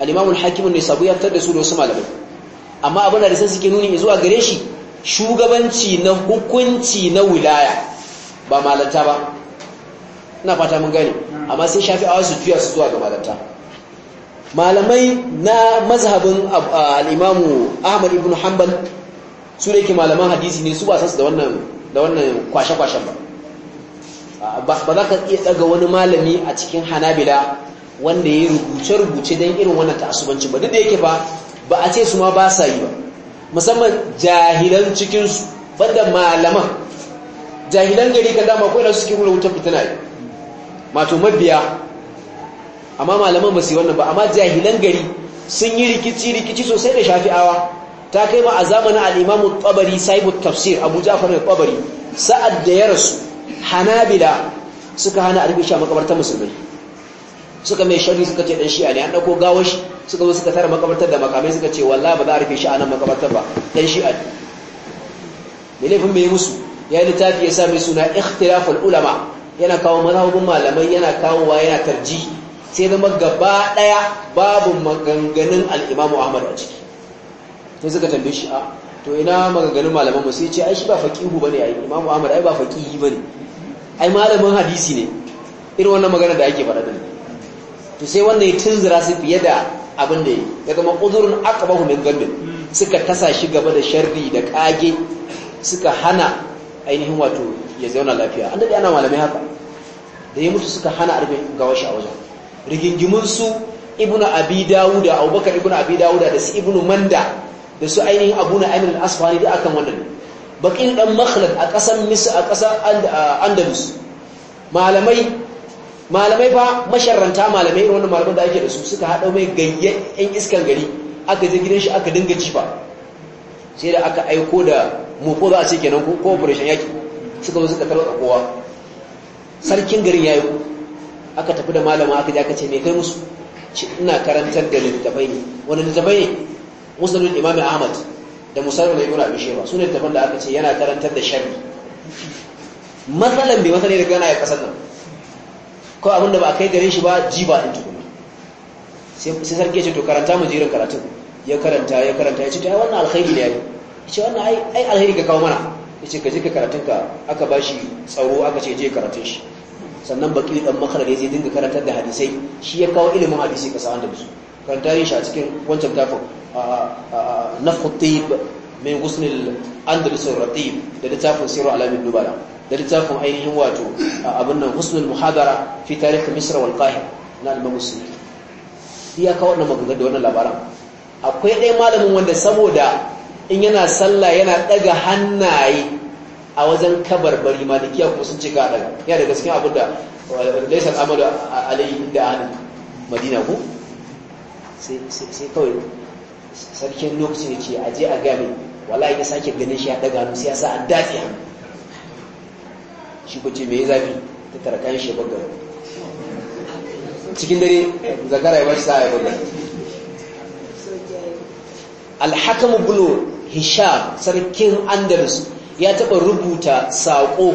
al-imam al-hakim ne sabu ya fitar da su da wasu malamai amma abin da sai suke nuni zuwa gare shi shugabanci na hukunci na wilaya ba malanta ba ina fata mun gane amma sai shafi'awa su juya su zuwa ga malanta malamai na mazhabin al-imam ahmad ibn hanbal su da yake malaman hadisi ne su ba san su da wannan da wannan kwashe-kwashen ba ba za ka iya daga wani malami a cikin hanabila wanda ya rubuce-rubuce don irin wannan ta'asubanci ba duk da yake ba ba a ce su ma ba sa yi ba musamman jahilan cikinsu banda malaman jahilan gari ka dama kawai suke fitina yi mato mabiya amma malaman ba su yi wannan ba amma jahilan gari sun yi rikici-rikici sosai da shafi'awa ta kai ma a zamanin al'imamu tsabari saibu tafsir abu jafar da tsabari sa'ad da ya rasu hanabila suka hana a sha makabartar musulmai suka mai shari suka ce dan shi'a ne an dauko gawar shi suka zo suka tara makabartar da makamai suka ce wallahi ba za a rufe shi a nan makabartar ba dan shi'a ne me laifin mai musu ya yi littafi ya sa mai suna ikhtilaful ulama yana kawo mazhabin malamai yana kawo wa yana tarji sai zama gaba daya babu maganganun al-Imam Ahmad a ciki sai suka tambaye shi a ah, to ina maganganun malaman mu sai ce ai shi ba faqihu bane ai Imam Ahmad ai ba faqihi bane ai malamin hadisi ne irin wannan magana da ake faɗa din to sai wanda ya tunzura su fiye da abin da ya zama uzurin aqbahu min zambin suka tasa shi gaba da sharri da kage suka hana ainihin wato ya zauna lafiya an dade ana malamai haka da ya mutu suka hana arbin gawa shi a wajen rigingimin su ibnu abi dawuda abubakar ibnu abi dawuda da su ibnu manda da su ainihin abu na ainihin asfani da akan wannan bakin dan makhlad a kasar misa a kasar andalus malamai malamai fa masharranta malamai irin wannan malaman da ake da su suka haɗa mai gayye ɗan iskan gari aka je gidan shi aka dinga jifa sai da aka aiko da mufo za a ce kenan ko operation yaki suka zo suka tarwata kowa sarkin garin yayi aka tafi da malama aka je aka ce me kai musu ina karantar da littafai ne wani littafai ne musulun imam ahmad da musulun da ibn abi shayba sune littafan da aka ce yana karantar da sharri matsalan bai matsala ne daga yana ya kasar nan ko abin da ba a kai gare shi ba ji ba in tukuna sai sarki ya ce to karanta mu jirin karatun ya karanta ya karanta ya ce ta wannan alkhairi ne ya ce wannan ai alkhairi ka kawo mana ya ce ka je ka karatun ka aka ba shi tsaro aka ce je karatun shi sannan baki dan makarar ya zai dinga karantar da hadisai shi ya kawo ilimin hadisi ka sa'an da su karanta yin shi a cikin wancan tafin a tib min gusnil andalusun ratib da littafin siru alamin dubara, da littafin ainihin wato abin nan husnul muhadara fi tarihi misra wal qahir na al-imam iya ka wannan maganganu da wannan labaran akwai ɗaya malamin wanda saboda in yana sallah yana daga hannaye a wajen kabarbari malikiya kuma sun ce ka daga ya da cikin abin da laisar amadu alayhi da madina ko sai kawai sarkin lokacin ya ce a je a gane wala ya sake ganin shi ya daga hannu sai ya sa an dafi hannu shi ku mai zafi ta tara kayan shi bugar cikin dare zagara ya bashi sa ya bugar alhakam bulo hisham sarkin andalus ya taɓa rubuta saƙo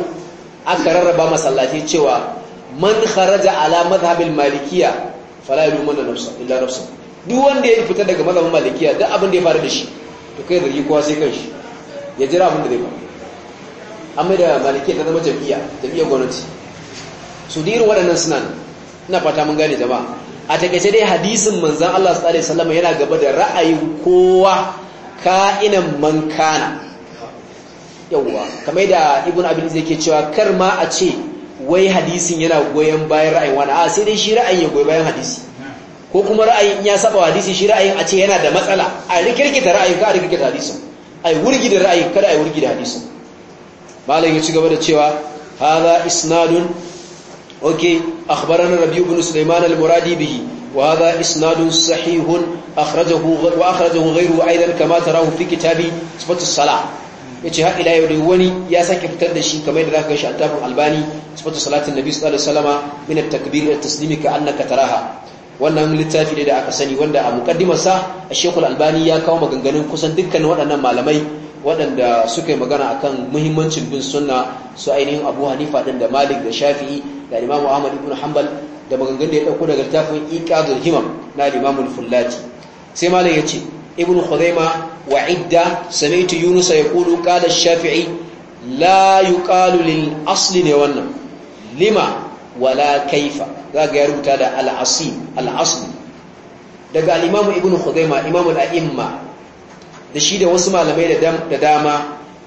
aka rarraba masallaci cewa man kharaja ala madhhabil malikiya fala yulumuna nafsa illa nafsa duk wanda ya fita daga mazhabin malikiya duk abin da ya faru da shi to kai zargi kowa sai kanshi ya jira abin da zai faru amma da malikiya ta zama jam'iyya jam'iyyar gwamnati su dirin waɗannan suna ina fata mun gane jama'a a takaice dai hadisin manzan Allah sallallahu alaihi wasallam yana gaba da ra'ayin kowa ka'inan man kana yawwa kamar da ibnu abin zai ke cewa kar ma a ce wai hadisin yana goyen bayan ra'ayin wani a sai dai shi ra'ayin ya goyi bayan hadisi ko kuma ra'ayin ya saba hadisi shi ra'ayin a ce yana da matsala a rikirkita ra'ayin ka a rikirkita hadisin a yi wurgi da ra'ayin kada a yi wurgi da hadisin malam ya ci gaba da cewa hadha isnadun bin sulaiman ربيع بن سليمان المرادي به وهذا اسناد صحيح اخرجه واخرجه غيره ايضا kama تراه في kitabi صفه الصلاه yace har ila yau da wani ya sake fitar da shi kamar da zaka gashi a tafin albani sifatu salatin nabi sallallahu alaihi wasallama min at-takbir at-taslimi ka annaka taraha wannan littafi ne da aka sani wanda a mukaddimarsa a shekul albani ya kawo maganganun kusan dukkanin waɗannan malamai waɗanda suka yi magana akan muhimmancin bin sunna su ainihin abu hanifa ɗin da malik da shafi'i da limamu ahmad ibn hanbal da maganganun da ya ɗauko daga littafin iqadul himam na limamul fullati sai malam ya ce ibn khuzaima wa idda sami'tu yunus yaqulu qala shafii la yuqalu lil asli ne wannan lima wala kaifa za ga ya rubuta da al'asi daga al'imamu ibn khuzaima imamu al’imma da shi da wasu malamai da dama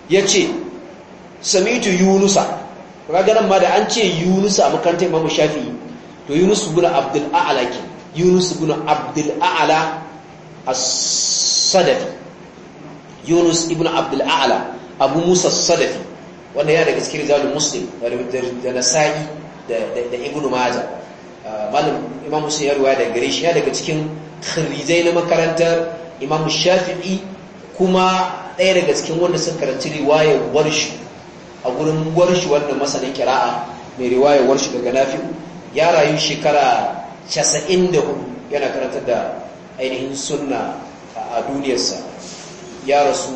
ya ce samitu yunusa ragaran ma da an ce yunusa makarantar imamu shafi to yunus guna abdul a'ala ke yunus guna abdul a'ala sadafi yunus ibn abdul a'ala abu musa sadafi wanda ya da cikin zalun muslim da nasa'i da ibn majah malam imamu ya yarwa da gare shi ya daga cikin kharijai na makarantar imam shafi'i kuma ɗaya daga cikin wanda sun karanci riwayar warshi a gurin warshi wannan masanin kira'a mai riwayar warshi daga nafi'u ya rayu shekara 94 yana karantar da ainihin sunna a duniyarsa ya rasu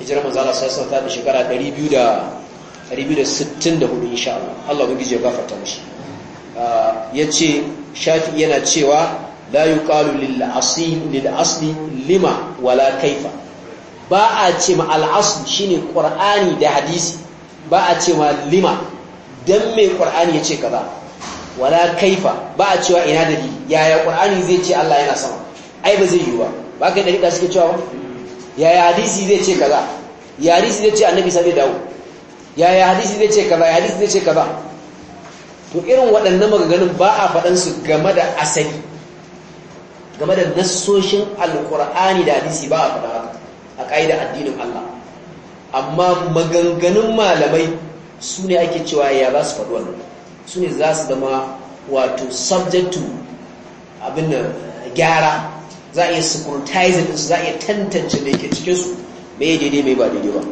hijirar manzala sassan ta da shekara 264 insha Allah Allah ya gafarta mishi ya ce shafi yana cewa la yi ƙalu lil'asli lima wala kaifa ba a ce ma al'asu shi ne ƙwar'ani da hadisi ba a ce ma lima don mai ƙwar'ani ya ce kaza wala kaifa ba a cewa ina da ni yaya ƙwar'ani zai ce Allah yana sama ai ba zai yi ba ba ka ɗariƙa suke cewa yaya hadisi zai ce kaza Yaya hadisi zai ce annabi sa zai dawo yaya hadisi zai ce kaza yaya hadisi zai ce kaza to irin waɗannan maganganun ba a faɗansu game da asali game da nassoshin Alƙur'ani da hadisi ba a faɗa haka a ƙa'ida addinin Allah amma maganganun malamai su ne ake cewa ya ba su faɗi wannan su ne za su zama wato subject to abin da gyara za a iya din su za a iya tantance da ke cikinsu mai daidai mai ba daidai ba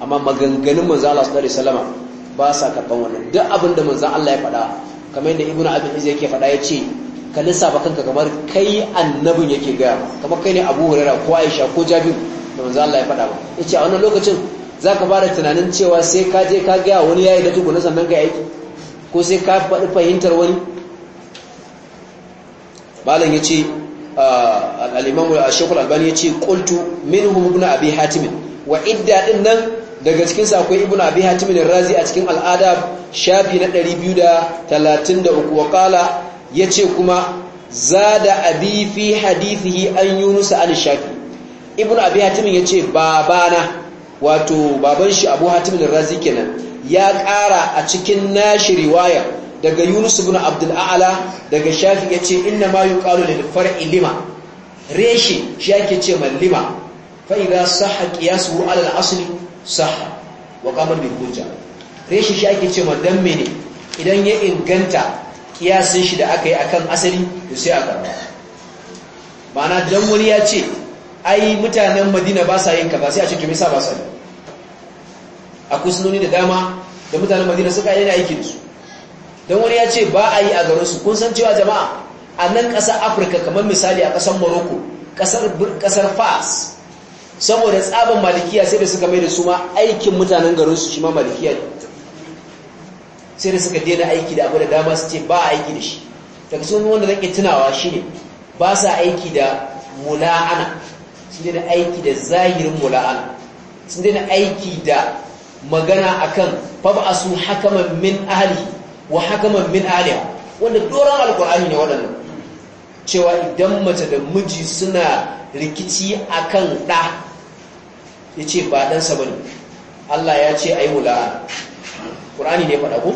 amma maganganun manzo Allah sallallahu alaihi ba sa karban wannan duk abin da manzon Allah ya faɗa kamar yadda ibnu abin izai yake faɗa ya ce ka lissafa kanka kamar kai annabin yake gaya kamar kai ne abu hurera ko aisha ko jabi da manzon Allah ya faɗa ba ya ce a wannan lokacin za ka ba tunanin cewa sai ka je ka gaya wani ya yi da tukuna sannan ka aiki ko sai ka faɗi fahimtar wani malam ya ce al'imamu a shekul albani ya ce ƙultu min humubu abi hatimin wa idda ɗin nan daga cikinsa akwai Ibn abi hatim ar-razi a cikin al-adab shafi na 233 wa qala yace kuma zada abi fi hadithihi an yunus an shafi Ibn abi hatim yace babana wato baban shi abu hatim razi kenan ya ƙara a cikin nashi riwaya daga yunus ibn abdul a'la daga shafi yace inna ma yuqalu lil far'i lima reshi shi yake ce mallima fa idza sahha qiyasu ala al-asli saha wa kamar bil hujja reshi shi ake cewa dan mene idan ya inganta kiyasin shi da aka yi akan asali to sai a karba mana dan wani ya ce ai mutanen Madina ba sa yin kaza sai a ce to me yasa ba sa yi akwai sunoni da dama da mutanen Madina suka yi aikin su dan wani ya ce ba a yi a garin su kun san cewa jama'a a nan ƙasar Afirka kamar misali a ƙasar Morocco ƙasar ƙasar Fas saboda tsaban malikiya sai da suka mai da su ma aikin mutanen garin su shi ma malikiya sai da suka daina aiki da abu da dama su ce ba aiki da shi daga sun wanda zan tunawa shi ne ba sa aiki da mula'ana sun daina aiki da zahirin mula'ana sun daina aiki da magana akan fab'asu hakaman min ahali wa hakaman min aliya wanda doron alkur'ani ne waɗannan cewa idan mace da miji suna rikici akan ɗa ya ce ba ɗansa ba Allah ya ce ai wula ƙurani ne faɗa ko?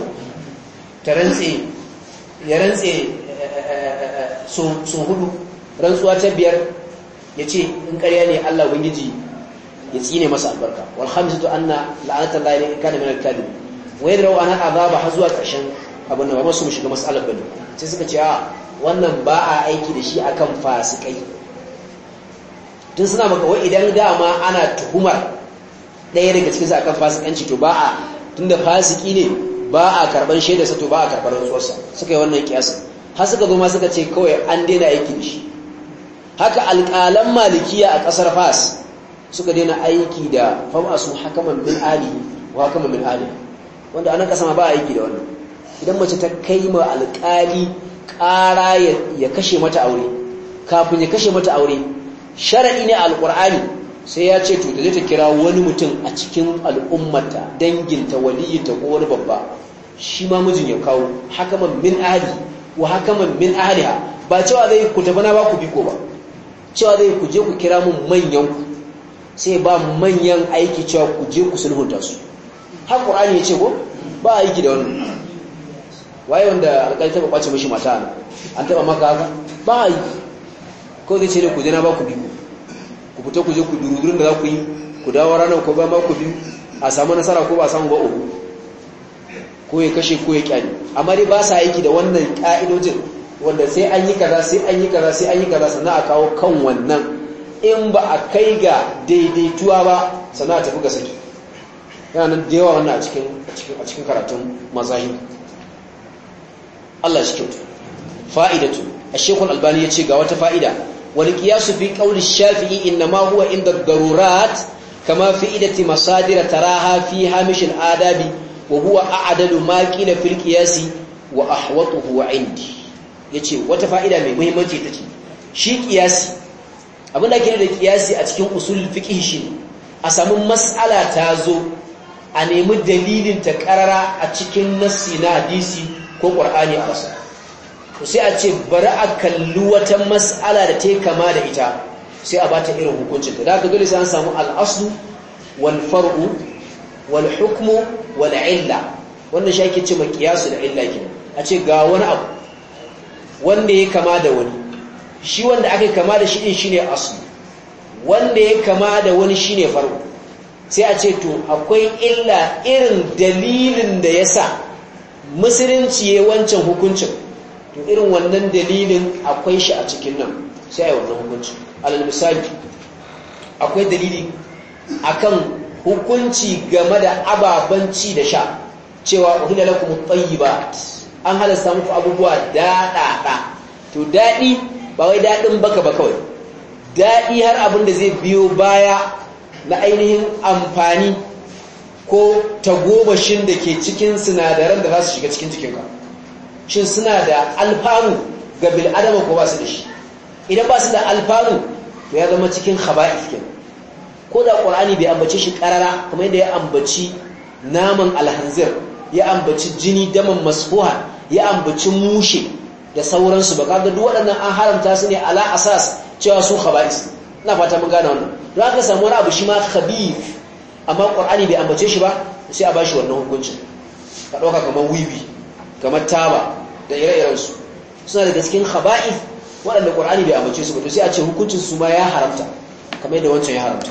ta rantse ya rantse eh, eh, eh, sun hudu rantsuwa ta biyar ya ce in karya ne Allah wangiji ya tsine masa albarka walhamsu to an na la'anatar ne kan da minar kadin wai da rau'ana azaba har zuwa ƙarshen abin da ba su shiga matsalar bane sai suka ce a ah, wannan ba a aiki da shi akan fasikai tun suna maka wai idan dama ana tuhumar ɗaya daga cikin akan fasikanci to ba a tunda fasiki ne ba a karban shaidarsa to ba a karban rantsuwarsa suka yi wannan kiyasa har suka zo ma suka ce kawai an daina aiki da shi haka alƙalan malikiya a ƙasar fas suka daina aiki da fam'asu hakaman bin ali wa hakaman bin ali wanda anan ƙasa ma ba aiki da wannan idan mace ta kai ma alƙali ƙara ya kashe mata aure kafin ya kashe mata aure shara'i ne alƙur'ani sai ya ce to da zai ta kira wani mutum a cikin al'ummata danginta waliyyata, ko wani babba shi ma mijin ya kawo hakaman min ahali wa hakaman min ahliha ba cewa zai ku tafi na ba ku biko ba cewa zai ku je ku kira mun manyan ku sai ba manyan aiki cewa ku je ku sulhunta su har qur'ani ya ce ko ba aiki da wannan waye wanda alƙali taɓa ƙwace mashi mata ana. an taɓa maka haka ba yi ko zai ce ne ku je ba ku biyu ku fita ku je ku durudurin da za ku yi ku dawo ranar ko ba ma ku biyu a samu nasara ko ba samu ba uku ko ya kashe ko ya kyani amma dai ba sa aiki da wannan ƙa'idojin wanda sai an yi kaza sai an yi kaza sai an yi kaza sannan a kawo kan wannan in ba a kai ga daidaituwa ba sannan a tafi ga saki yana nan da yawa wannan a cikin karatun mazahiri Allah shi kyautu fa'idatu ash-shaykh al-albani yace ga wata fa'ida wal qiyas fi qawli shafi'i inna ma huwa inda ad-darurat kama fi idati masadir taraha fi hamish al-adabi wa huwa a'dalu ma qila fil qiyas wa ahwatuhu 'indi yace wata fa'ida mai muhimmanci tace shi qiyasi abinda ake da qiyasi a cikin usul fiqh shi a samu mas'ala ta zo a nemi dalilin ta karara a cikin nassi na hadisi ko ƙwar'ani a rasa to sai a ce bari a kalli wata mas'ala da ta kama da ita sai a bata irin hukuncin da aka dole sai an samu al'asu wal far'u wal hukmu wal illa wannan shi ake ce ma kiyasu da illa ke a ce ga wani abu wanda ya kama da wani shi wanda aka kama da shi din shine asu wanda ya kama da wani shine far'u sai a ce to akwai illa irin dalilin da ya sa musulunci ya wancan hukuncin to irin wannan dalilin akwai shi a cikin nan sai a yi wannan hukuncin alal misali akwai dalili akan hukunci game da ababanci da sha cewa uhilla lakum at-tayyibat an halasta muku abubuwa daɗaɗa to daɗi ba wai daɗin baka ba kawai daɗi har abin da zai biyo baya na ainihin amfani ko tagobashin da ke cikin sinadaran da za su shiga cikin jikinka shin suna da alfanu ga bil'adama ko ba su da shi idan ba su da alfanu to ya zama cikin haba'i kenan ko da ƙwar'ani bai ambace shi ƙarara kuma yadda ya ambaci naman alhanzir ya ambaci jini daman masfuha ya ambaci mushe da sauransu ba kaga duk waɗannan an haramta su ne ala asas cewa su khaba'is ina fata mun gane wannan don aka samu wani abu shi ma khabif amma ƙwar'ani bai ambace shi ba sai a ba shi wannan hukuncin ka ɗauka kamar wiwi kamar taba da ire-irensu suna da cikin haba'i waɗanda ƙwar'ani bai ambace su ba to sai a ce hukuncin su ma ya haramta kamar yadda wancan ya haramta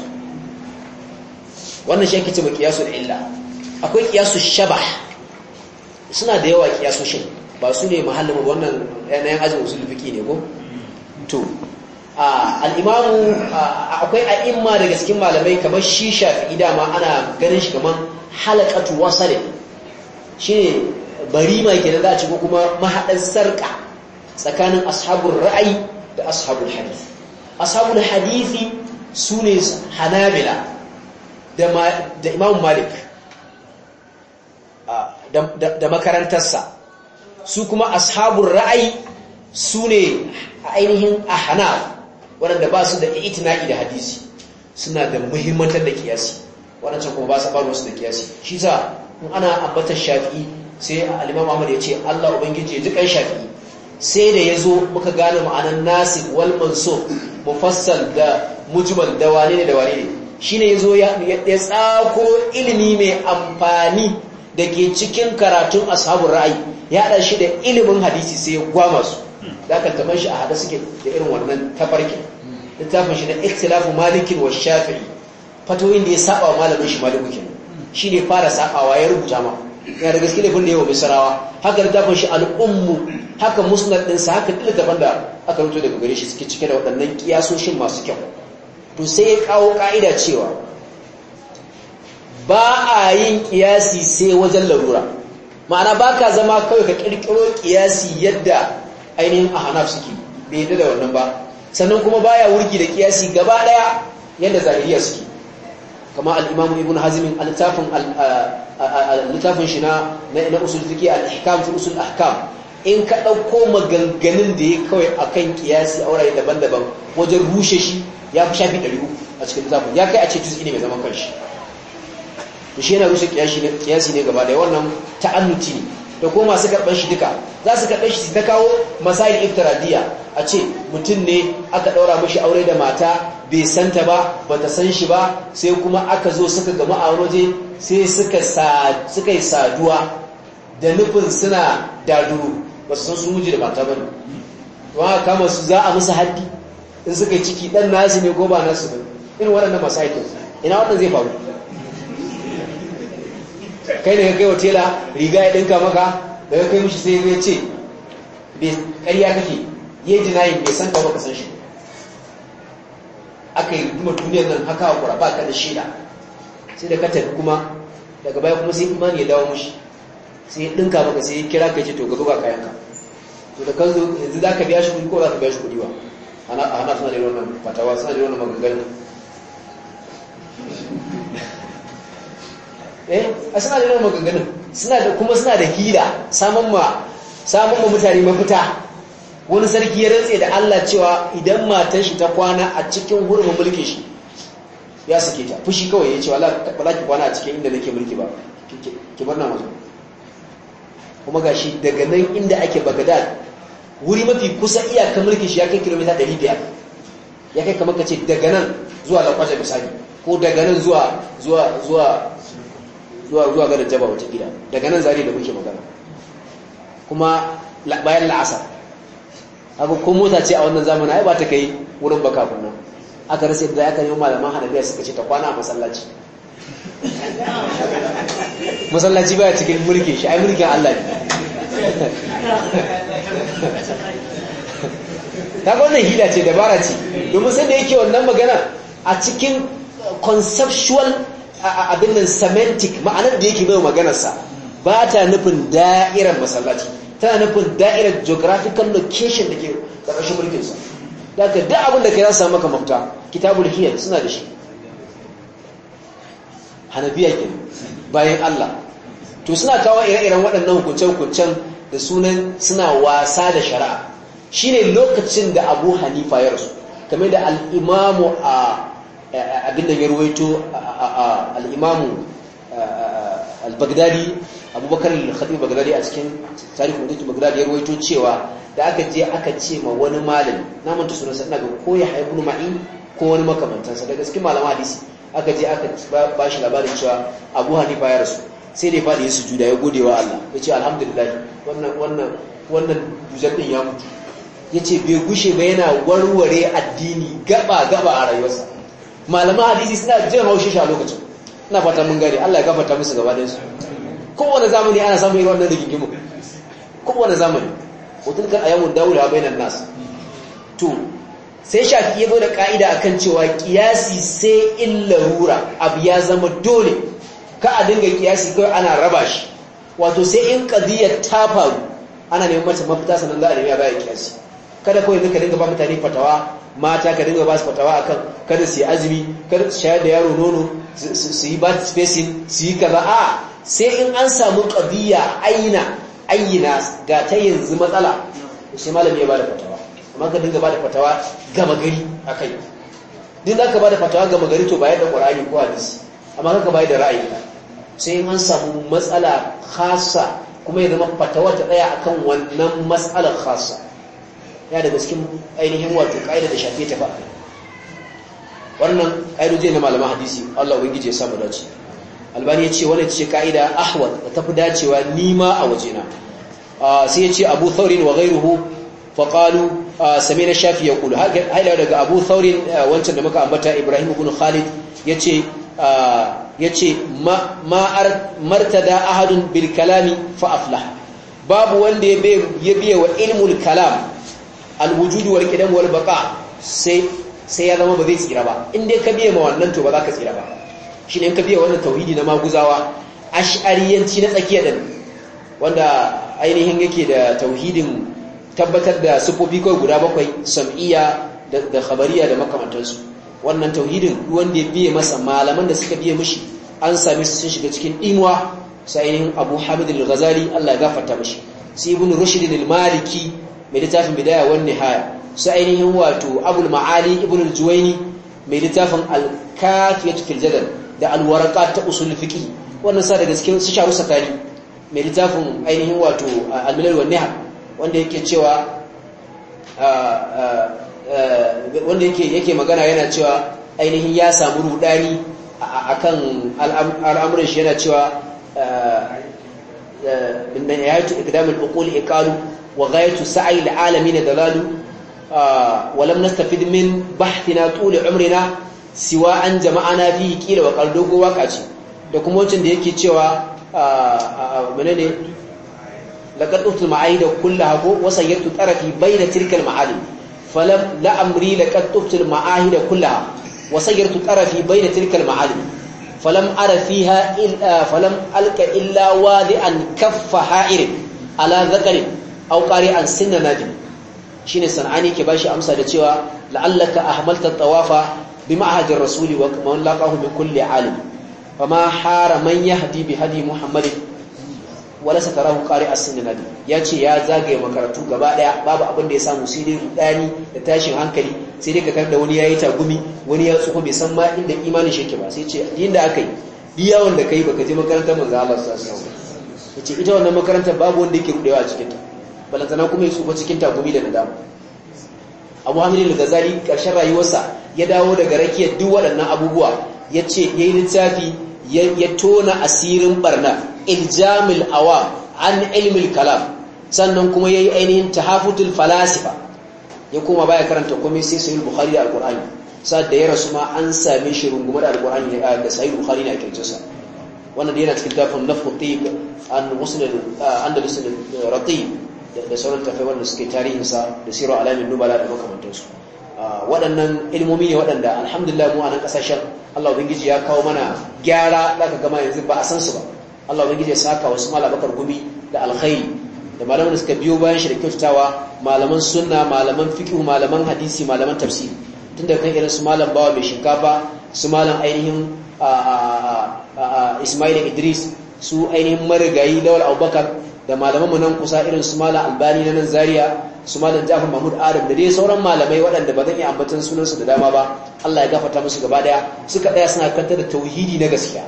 wannan shi yake cewa kiyasu da illa akwai kiyasu shaba suna da yawa kiyasoshin ba su ne mahallin wannan yanayin ajin usul ne ko to al'imamu akwai a'imma daga cikin malamai kamar shi shafi'i dama ana ganin shi kamar halakatu wasare shi ne mai ke da ci ko kuma mahaɗar sarƙa tsakanin ashabun ra'ayi da ashabun hadithi. ashabun hadithi su ne hanabila da imam malik da makarantarsa su kuma ashabun ra'ayi su ne ainihin ahanaf waɗanda ba su da itina'i da hadisi suna da muhimmantar da kiyasi waɗancan kuma ba su faru wasu da kiyasi shi za in ana ambatar shafi'i sai alimar muhammadu ya ce allah ubangiji ya ji shafi'i sai da ya zo muka gane ma'anar nasib wal manso mufassal da mujmal da wane ne da wane ne shine ya zo ya tsako ilimi mai amfani da ke cikin karatun ashabun ra'ayi ya haɗa shi da ilimin hadisi sai ya gwama su da ka taɓa shi a hada suke da irin wannan tafarkin littafin shi na ikhtilafu malikin wa shafi'i fatoyin da ya saba wa malamin shi maliku shi shine fara sabawa ya rubuta ma yana da gaske laifin da yawa misarawa haka littafin shi al'ummu haka musnad ɗinsa haka duk littafin da aka rubuta daga gare shi suke cike da waɗannan kiyasoshin masu kyau to sai ya kawo ka'ida cewa ba a yin kiyasi sai wajen larura ma'ana ba ka zama kawai ka ƙirƙiro kiyasi yadda ainihin a ahnaf suke bai yadda da wannan ba sannan kuma baya wurgi da kiyasi gaba daya yadda zahiriya suke kama al-imamu ibn hazm al-tafin al-tafin shi na na usul fiqi al fi usul ahkam in ka ɗauko maganganun da ya kawai akan kiyasi a wurare daban-daban wajen rushe shi ya fi shafi ɗari 300 a cikin zafin ya kai a ce juz'i ne mai zaman kanshi to shi yana rushe kiyasi ne gaba daya wannan ta'annuti ne da ko masu karɓar shi duka za su karɓar shi ta kawo masayin iftiradiyya a ce mutum ne aka ɗaura mashi aure da mata bai santa ba ba ta san shi ba sai kuma aka zo suka gama a waje sai suka yi saduwa da nufin suna daduru ba su san su muji da mata ba ne kama su za a musu haddi in suka yi ciki ɗan nasu ne ko ba nasu ba irin waɗannan masayin ina waɗanda zai faru kai daga kai wa tela riga ya ɗinka maka daga kai mishi sai ya ce ƙarya kake ya ji nayin bai san ka baka san shi aka yi kuma duniyar nan haka a kura ba ka da shida sai da ka tafi kuma daga baya kuma sai imani ya dawo mishi sai ya ɗinka maka sai ya kira ka ce to gaba ba kayan ka to da kan yanzu za ka biya shi kuɗi ko za ka biya shi kuɗi a ana suna da wannan fatawa suna da wannan maganganun eh suna da nan maganganun suna da kuma suna da hila samun ma mutane mafita wani sarki ya rantse da Allah cewa idan matan shi ta kwana a cikin hurumin mulkin shi ya suke ta fushi kawai ya ce wala ba ki kwana a cikin inda nake mulki ba ki bar nan waje kuma shi daga nan inda ake bagadar wuri mafi kusa iyakar mulki shi ya kai kilomita 500 ya kai kamar ce daga nan zuwa Lakwaja misali ko daga nan zuwa zuwa zuwa zuwa zuwa ga Najaba wata gida daga nan zari da muke magana kuma bayan la'asar haka ko mota ce a wannan zamanin ai ba ta kai wurin baka kunna aka rasa yadda aka yi malaman hanabiya suka ce ta kwana a masallaci (laughs) masallaci baya cikin mulkin shi ai mulkin Allah ne ta (laughs) wannan hila ce dabara ce domin sai da yake wannan magana a cikin conceptual abin nan semantic ma'anar da yake bai maganarsa ba ta nufin da'irar masallaci tana nufin da'irar geographical location da ke ƙarƙashin mulkinsa da ka da abin da ka ya samu makamanta kitabul hiyar suna da shi hanabiya ke bayan allah to suna kawo ire-iren waɗannan hukuncen hukuncen da sunan suna wasa da shari'a shine lokacin da abu hanifa ya rasu kamar da al'imamu a abin da ya ruwaito alimamu al-baghdadi abubakar al-khatib baghdadi a cikin tarihin da baghdadi ya ruwaito cewa da aka je aka ce ma wani malami na manta sunan ga ko ya ma'i ko wani makamantansa daga cikin malama hadisi aka je aka ba shi labarin cewa abu hanifa ya rasu sai dai fadi ya sujuda ya gode wa Allah ya ce alhamdulillah wannan wannan wannan dujar din ya mutu ya ce bai gushe ba yana warware addini gaba gaba a rayuwarsa malaman hadisi suna jin haushin shi a lokacin ina fata mun gane Allah ya gafarta musu gaba da su kowane zamani ana samun irin wannan rigingimu kowane zamani hotun kan ayyamun dawula bainan nas to sai shafi ya zo da ka'ida akan cewa kiyasi sai in larura abu ya zama dole ka a dinga kiyasi kai ana raba shi wato sai in qadiyar ta faru ana neman mata mafita sanan za a nemi a baya kiyasi kada kawai ka dinga ba mutane fatawa mata ka dinga ba su fatawa akan kada su yi azumi kada su shayar da yaro nono su yi ba spacing su yi kaza a sai in an samu qadiya aina ayina ga ta yanzu matsala shi malami ya ba da fatawa amma ka dinga ba da fatawa gama gari akai din za ka ba da fatawa gama gari to bayar da qur'ani ko hadisi amma ka bayar da ra'ayi sai in an samu matsala khassa kuma ya zama fatawa ta tsaya akan wannan matsalar khassa ya daga cikin ainihin wato ƙa'ida da shafi ta ba wannan ƙa'idoji na malaman hadisi Allah ubangiji ya samu dace albani ya ce wannan ce ƙa'ida ahwal da tafi dacewa nima a wajena sai ya ce abu thaurin wa ghairuhu fa qalu samina shafi ya kulu haila daga abu thaurin wancan da muka ambata ibrahim ibn khalid yace yace ma martada ahadun bil kalami fa aflah babu wanda ya biya wa ilmul kalam alwujudu wal kidam wal baqa sai sai ya zama ba zai tsira ba in dai ka biye ma wannan to ba za ka tsira ba shine in ka biye wannan tauhidi na maguzawa ash'ariyanci na tsakiya din wanda ainihin yake da tauhidin tabbatar da sufofi kai guda bakwai sam'iyya da khabariya da makamantansu wannan tauhidin wanda ya biye masa malaman da suka biye mishi an sami su sun shiga cikin dinwa sai ainihin abu hamid al-ghazali Allah ya gafarta mishi sai ibn rushd al-maliki mai littafin bidaya wani haya su ainihin wato abul ma'ali ibn al-juwaini mai littafin al-kafiyatu fil jadal da al-waraqat ta usul fiqh wannan sa daga cikin su sharu sakari mai littafin ainihin wato al-milal wan nihaya wanda yake cewa wanda yake yake magana yana cewa ainihin ya samu rudani akan al'amuran shi yana cewa min hayatu iqdamul uqul iqalu wa ghayatu sa'i al-alamin dalalu wa lam nastafid min bahthina tul umrina siwa an jama'ana fi qila wa qaldogo waka ce da kuma wancin da yake cewa menene laqad utul ma'aida kullaha ko wasayyatu tarafi bayna tilkal ma'alim falam la amri laqad utul tarafi فلم أر فيها إلا فلم ألك إلا واضعا كف حائر على ذكر aw an sinna najm shine sanani ke ba shi amsa da cewa la'allaka ahmalta tawafa bi ma'hadi rasuli wa kuma laqahu bi kulli alim ma hara man yahdi bi hadi muhammadin wala satarahu a sinna Ya ce ya zagaye makaratu gaba ɗaya. babu abin da ya samu sai dai rudani da tashin hankali sai dai ka karda wani yayi tagumi wani ya tsufa bai san ma inda imanin shi ba sai ce da aka yi yawon da kai baka je makarantar manzo Allah sallallahu alaihi wasallam yace ita wannan makarantar babu wanda yake rudewa a cikin ta balantana kuma ya tsufa cikin takumi da nadama abu hamid al-ghazali karshen rayuwarsa ya dawo daga rakiyar duk waɗannan abubuwa ya ce ya yi littafi ya tona asirin barna iljamil awa an ilmil kalam sannan kuma ya yi ainihin tahafutul falasifa ya koma baya karanta komai sai sahih bukhari da alqur'ani sa'ad da ya rasu ma an same shi rungume da a da sahih bukhari na kirjinsa wannan da yana cikin tafin nafqu tib an an ratib da sauran tafai wanda suke tarihinsa da siro alamin nubala da makamantansu ah, waɗannan ilmomi ne waɗanda alhamdulillah mu a nan ƙasashen Allah ubangiji ya kawo mana gyara da ka gama yanzu ba a san su ba Allah ubangiji ya saka wasu malabakar gumi da alkhairi da malaman da suka biyo bayan shi da kyautatawa malaman sunna malaman fiqh malaman hadisi malaman tafsiri tunda kan irin su malam bawa mai shinkafa su malam ainihin ah, ah, Ismail Idris su ainihin marigayi Lawal Abubakar da malamanmu nan kusa irin su malam albani na nan zaria su malam jafar mahmud adam da dai sauran malamai waɗanda ba zan iya ambatan sunansu da dama ba allah ya gafarta musu gaba daya suka ɗaya suna kanta da tauhidi na gaskiya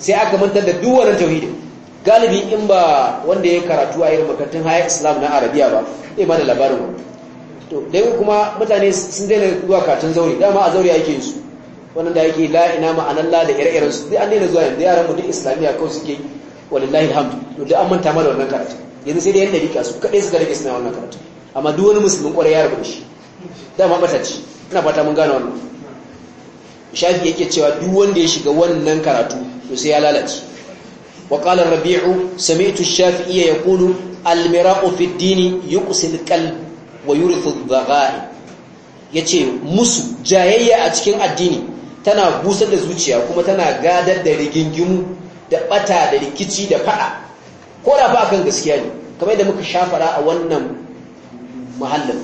sai aka mantar da duk wannan Tauhidi. galibi in ba wanda ya karatu a irin makarantun haya islam na arabiya ba zai ma da labarin wani to dai kuma mutane sun daina zuwa katun zaure dama a zaure ake su wannan da yake la ina ma'anan la da ire-iren su dai an daina zuwa yanzu yaran mu duk islamiyya kawai suke walillahi alhamdu to duk an manta mana wannan karatu yanzu sai dai yanda rika su kaɗai suka su suna wannan karatu amma duk wani musulmin kwarai ya rabu da shi dama bata ci ina fata mun gane wannan shafi yake cewa duk wanda ya shiga wannan karatu to sai ya lalace wa qala rabi'u sami'tu shafi'i yaqulu al-mira'u fi ad-din yuqsil qalb wa yurithu ad-dhaga'i yace musu jayayya a cikin addini tana busar da zuciya kuma tana gadar da rigingimu da ɓata da rikici da faɗa. ko da fa kan gaskiya ne kamar yadda muka shafara a wannan muhallin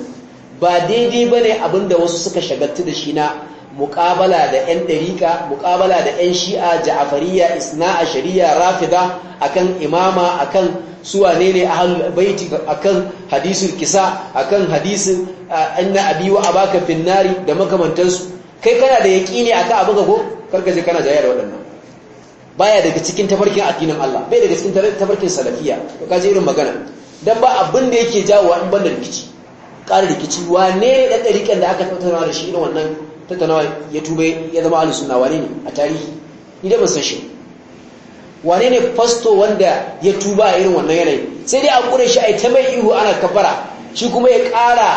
ba daidai ba ne abinda wasu suka shagaltu da shi na muƙabala da 'yan ɗarika muƙabala da 'yan shi'a ja'afariya isna a shari'a rafida akan imama akan suwa ne a baiti akan hadisul kisa akan hadisin anna ah, abi wa abaka finnari da makamantansu kai kana da yaƙini ka abin ka ko ka je kana jayar waɗannan baya daga cikin tafarkin addinin Allah bai daga cikin tafarkin salafiya to kaje irin magana dan ba abin da yake jawo in banda rikici ƙara rikici wane ne dan dariƙan da aka tattauna da shi irin wannan tattaunawa ya tube ya zama ahlus sunna wane ne a tarihi ni da ban san shi wane ne fasto wanda ya tuba a irin wannan yanayi sai dai a kure shi ai ta mai ihu ana kafara shi kuma ya ƙara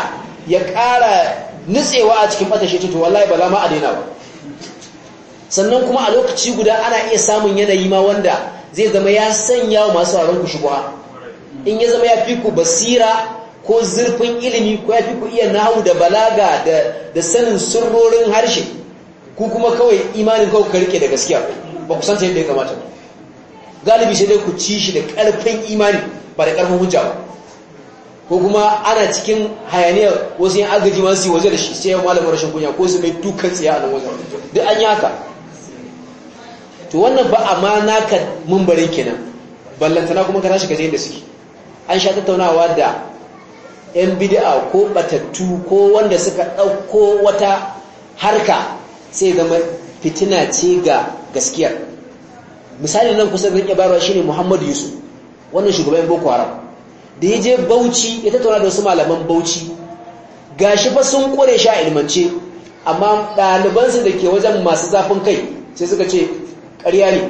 ya ƙara nutsewa a cikin fata shi to wallahi ba za ma a daina ba sannan kuma a lokaci guda ana iya samun yanayi ma wanda zai zama ya sanya wa masu ku shubha in ya zama ya fi ku basira ko zurfin ilimi ko ya fi ku iya nahu da balaga da sanin sirrorin harshe ku kuma kawai imanin kawai ka rike da gaskiya ba ku santa yadda ya kamata galibi shi dai ku ci shi da karfin imani ba da ƙarfin hujja ba ko kuma ana cikin hayaniyar wasu yin agaji masu yi waje da shi sai yawon malamin rashin kunya ko su mai dukan tsaye a nan wajen duk an yi haka to wannan ba amana ka mumbarin kenan ballantana kuma ka tashi ka je suke an sha tattaunawa da yan bid'a ko batattu ko wanda suka ɗauko wata harka sai zama fitina ce ga gaskiyar misali nan kusa zan iya shi shine Muhammad Yusuf wannan shugaban Boko Haram da ya je Bauchi ya tattauna da wasu malaman Bauchi shi fa sun kore shi a ilmance amma ɗalibansu da ke wajen masu zafin kai sai suka ce ƙarya ne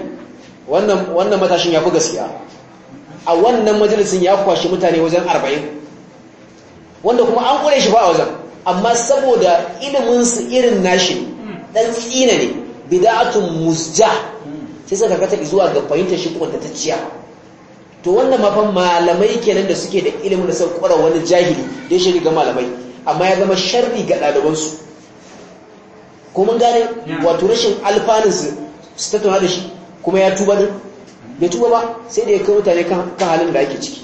wannan matashin ya fi gaskiya a wannan majalisun ya kwashe mutane wajen arba'in wanda kuma an ƙure shi ba a wajen amma saboda iliminsu irin nashi ɗan tsina ne bida'atun musja sai suka kata zuwa ga fahimtar shi ta ciya to wannan mafan malamai kenan da suke da ilimin da suka kwara wani jahili da shi ga malamai amma ya zama sharri ga ɗalibansu kuma gane wato rashin alfanunsu su tattauna da shi kuma ya tuba din ya tuba ba sai da ya kai mutane kan halin da ake ciki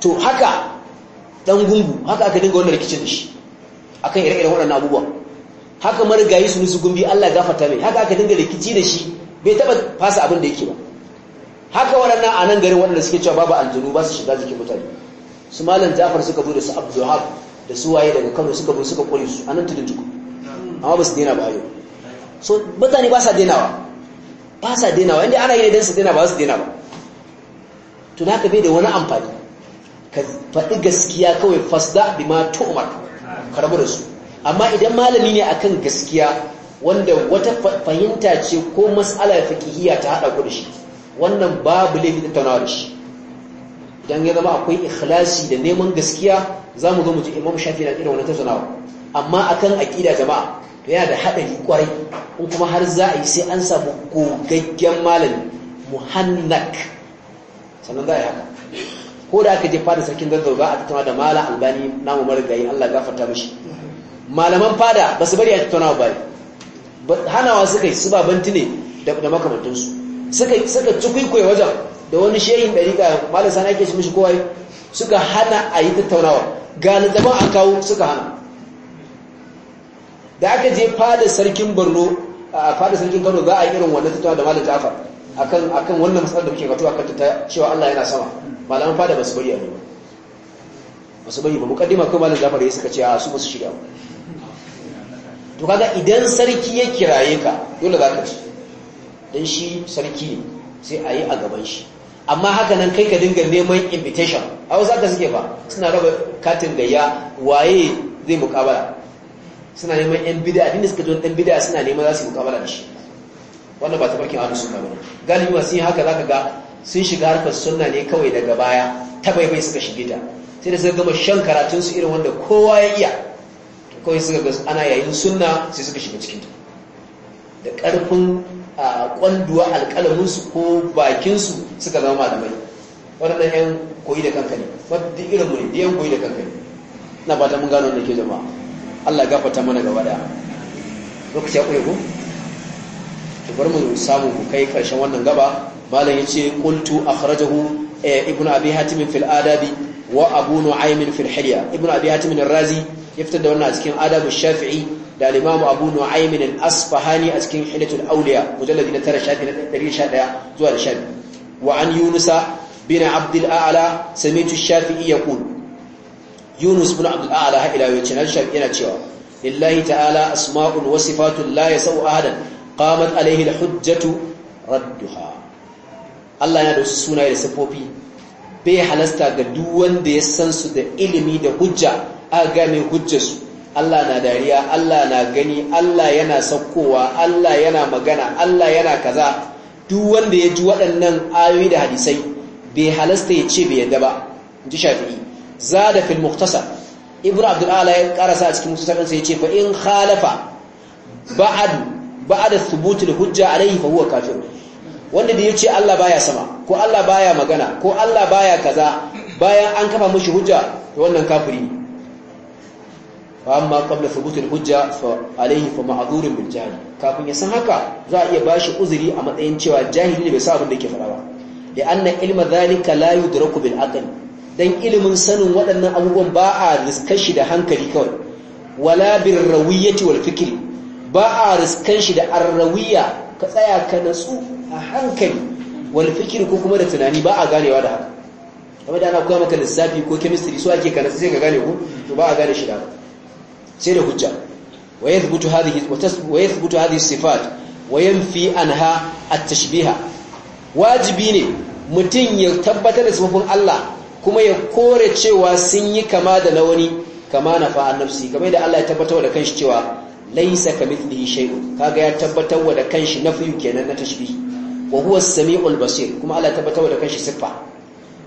to haka dan gungu haka aka dinga wannan rikicin da shi akan ire-iren waɗannan abubuwa haka marigayi su nusu gumbi Allah gafarta mai haka aka dinga rikici da shi bai taba fasa abin da yake ba haka waɗannan a nan garin waɗanda suke cewa babu aljanu ba su shiga jikin mutane su malam jafar suka zo da su abdulhab da su waye daga kano suka zo suka kore su a nan tudun tuku amma ba su daina ba yau so mutane ba sa dinawa ba sa dinawa inda ana gina don su dina ba su dina ba Tuna ka bai da wani amfani ka faɗi gaskiya kawai fasda bi ma tu'mar ka rabu da su amma idan malami ne akan gaskiya wanda wata fahimta ce ko mas'ala fiqhiyya ta hada ku da shi wannan babu laifi da tana da shi idan ya zama akwai ikhlasi da neman gaskiya zamu ga mu ji Imam Shafi'i na irin wannan tattaunawa amma akan aqida jama'a to yana da haɗari kwarai in kuma har za a yi sai an samu gogaggen malami muhannak sannan za a yi haka ko da aka je fada sarkin zazzau ba a tattauna da mala albani namu marigayi allah gafarta mashi malaman fada ba su bari a tattauna ba ne hanawa suka yi su ba banti ne da makamantansu suka cikwikwaye wajen da wani shehin ga malasa na ake shi mashi kowai suka hana a yi tattaunawa ga zaman a kawo suka hana da aka je fada sarkin borno a fada sarkin kano za a yi irin wannan tattawa da malam jafar akan akan wannan matsalar da muke gato akan ta cewa Allah yana sama malaman fada masu bari a ne Masu bari ba mukaddima ko malam jafar ya suka ce a su basu shiga to kaga idan sarki ya kiraye ka dole za ka ci dan shi sarki ne sai a yi a gaban shi amma haka nan kai ka dinga neman invitation a wasu aka suke ba suna raba katin da ya, waye zai mukabala suna neman yan bid'a din suka ji dan bid'a suna neman za su yi mukamala da shi wannan ba ta tabarkin ahlus sunna bane galibi masu yin haka za ka ga sun shiga harkar suna ne kawai daga baya ta baibai suka shige ta sai da suka gama shan karatun su irin wanda kowa ya iya to kawai suka ga ana yayin sunna sai suka shiga cikin ta da karfin kwanduwa alƙalamin su ko bakin su suka zama malamai waɗannan yan koyi da kankani ne wadda irin mu ne yan koyi da kankani na ba ta mun gano da ke jama'a Allah gafarta mana gaba da lokaci ya kure ku to bari mu samu ku kai karshen wannan gaba malam yace qultu akhrajahu eh, ibnu abi hatim fil adabi wa abu nu'aym fil hilya ibnu abi hatim ar-razi ya da wannan a cikin adabu shafi'i da limamu abu nu'aymin al-asfahani a cikin hilatul awliya mujalladi na tara shafi na 111 zuwa da shafi wa an yunusa bin abd al-a'la sami'tu shafi'i yaqul yunus ibn abdul a'la ha ila yace nan shafi ina cewa lillahi ta'ala asma'un wa sifatun la yasau ahadan qamat alayhi al-hujjatu radduha Allah yana da wasu sunaye da sifofi bai halasta ga duk wanda ya san su da ilimi da hujja a ga mai hujjar su Allah na dariya Allah na gani Allah yana saukowa Allah yana magana Allah yana kaza duk wanda ya ji waɗannan ayoyi da hadisai bai halasta ya ce bai yadda ba in ji shafi'i zada fil muktasar ibnu abdul ala ya karasa a cikin muktasar ya yace fa in khalafa ba'ad ba'da thubutul hujja alayhi fa huwa kafir wanda da yace Allah baya sama ko Allah baya magana ko Allah baya kaza bayan an kafa mishi hujja to wannan kafiri ne amma qabla thubutul hujja fa alayhi fa ma'dhurun bil jahl kafin ya san haka za a iya bashi uzuri a matsayin cewa jahili ne bai sa abin da yake fara ba li'anna ilma dhalika la yudraku bil aql dan ilimin sanin waɗannan abubuwan ba a riskan shi da hankali kawai wala bin rawiyyati wal fikiri, ba a riskan shi da arrawiya ka tsaya ka natsu a hankali wal fikiri, ko kuma da tunani ba a ganewa da haka kamar da ana koya maka lissafi ko chemistry so ake ka natsu sai ka gane ko to ba a gane shi da haka sai da hujja wa yathbutu hadhihi wa yathbutu hadhihi sifat wa yanfi anha at-tashbiha wajibi ne mutum ya tabbatar da sifofin Allah kuma ya kore cewa sun yi kama da na wani kama na fa'an nafsi kamar da Allah ya tabbatar da kanshi cewa laisa kamithlihi shay'un kaga ya tabbatar da kanshi nafi kenan na tashi wa huwa samiul basir kuma Allah ya tabbatar da kanshi siffa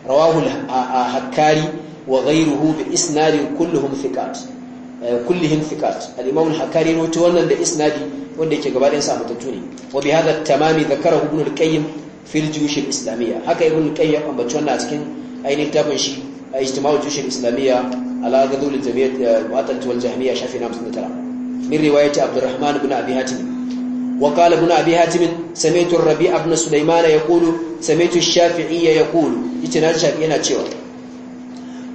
rawahu al-hakkari wa ghayruhu bi isnadin kulluhum thiqat eh, kullihim thiqat al-imam al-hakkari wannan da isnadi wanda yake gaba ɗayan sa mutattu ne wa bi hadha tamami dhakarahu ibn al-qayyim fil al-islamiyya haka ibn al-qayyim ambaci wannan a cikin ainihin tafin shi a ijtima'ul jushin islamiyya ala gadul jamiyyat eh, mu'attat wal jahmiyya shafi 59 min riwayati abdurrahman ibn abi hatim وقال ابن أبي هاتم سمعت الربيع بن سليمان يقول سمعت الشافعي يقول يتنا الشافعي yana cewa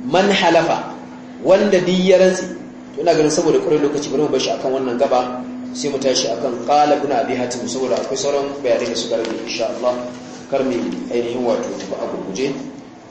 man halafa wanda di ya rantsi to ina ganin saboda kure lokaci bari mu bar akan wannan gaba sai mu tashi akan qala ibn abi hatim saboda akwai sauran bayanai da su garbi insha Allah karmi ainihin wato ba abu gurguje